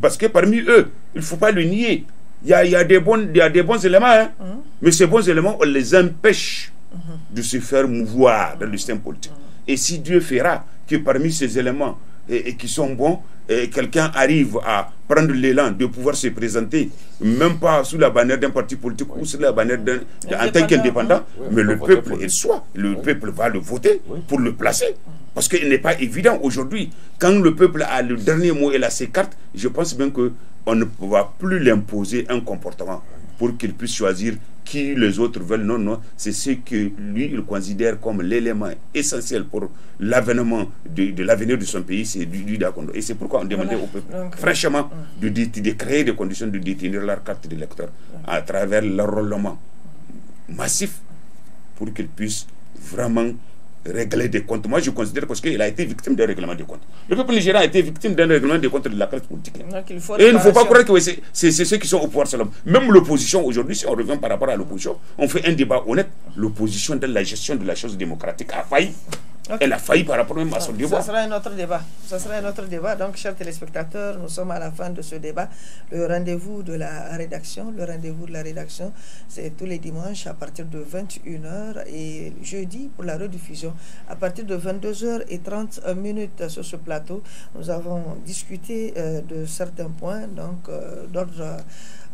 C: Parce que parmi eux, il ne faut pas le nier. Il y a, des bons, y des bons éléments, hein. mm-hmm. mais ces bons éléments, on les empêche mm-hmm. de se faire mouvoir dans le système politique. Mm-hmm. Et si Dieu fera que parmi ces éléments, et, qui sont bons, quelqu'un arrive à prendre l'élan de pouvoir se présenter, même pas sous la bannière d'un parti politique ou sous la bannière d'un. en tant qu'indépendant, mais le peuple est soi. Le peuple va le voter pour le placer. Parce qu'il n'est pas évident aujourd'hui. Quand le peuple a le dernier mot et la ses je pense bien que on ne va plus l'imposer un comportement pour qu'il puisse choisir qui les autres veulent. Non, non, c'est ce que lui, il considère comme l'élément essentiel pour l'avènement de, l'avenir de son pays, c'est du, Et c'est pourquoi on demandait au peuple, franchement, euh, mm. de, créer des conditions de détenir leur carte d'électeur à travers l'enrôlement massif pour qu'il puisse vraiment régler des comptes. Moi, je considère parce qu'il a été victime d'un règlement des comptes. Le peuple nigérien a été victime d'un règlement des comptes de la classe politique.
A: Et il ne faut pas croire
C: que c'est ceux qui sont au pouvoir seulement. Même l'opposition, aujourd'hui, si on revient par rapport à l'opposition, on fait un débat honnête. L'opposition dans la gestion de la chose démocratique a failli. Elle a failli par rapport à débat. Ça sera
A: un autre débat. Ça sera un autre débat. Donc, chers téléspectateurs, nous sommes à la fin de ce débat. Le rendez-vous de la rédaction, le rendez-vous de la rédaction, c'est tous les dimanches à partir de 21h et jeudi pour la rediffusion à partir de 22h30 minutes sur ce plateau. Nous avons discuté euh, de certains points, donc euh, d'ordre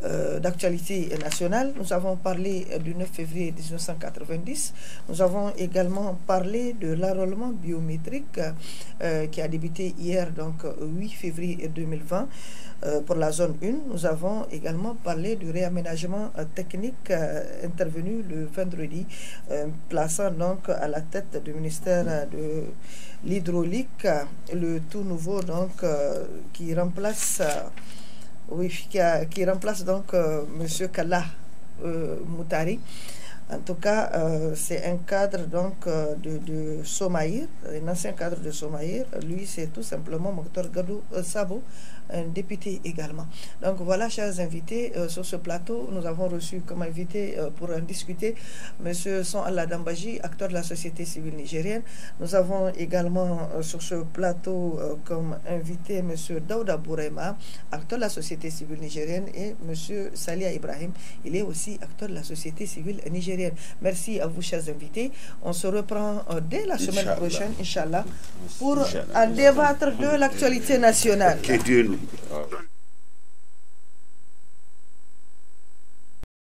A: euh, d'actualité nationale. Nous avons parlé euh, du 9 février 1990. Nous avons également parlé de l'enrôlement biométrique euh, qui a débuté hier, donc 8 février 2020, pour la zone 1. Nous avons également parlé du réaménagement technique intervenu le vendredi, plaçant donc à la tête du ministère de l'hydraulique le tout nouveau donc qui remplace oui, qui, remplace donc euh, Monsieur M. Kala euh, Moutari. En tout cas, euh, c'est un cadre donc de, Somaïr, un ancien cadre de Somaïr. Lui, c'est tout simplement Mokhtar Gadou Sabo, un député également. Donc voilà, chers invités, euh, sur ce plateau, nous avons reçu comme invité euh, pour en discuter M. Son Allah acteur de la société civile nigérienne. Nous avons également euh, sur ce plateau comme invité M. Daouda Bourema, acteur de la société civile nigérienne, et M. Salia Ibrahim, il est aussi acteur de la société civile nigérienne. Merci à vous, chers invités. On se reprend dès la semaine prochaine, Inch'Allah, pour en débattre de l'actualité nationale.
B: Uh,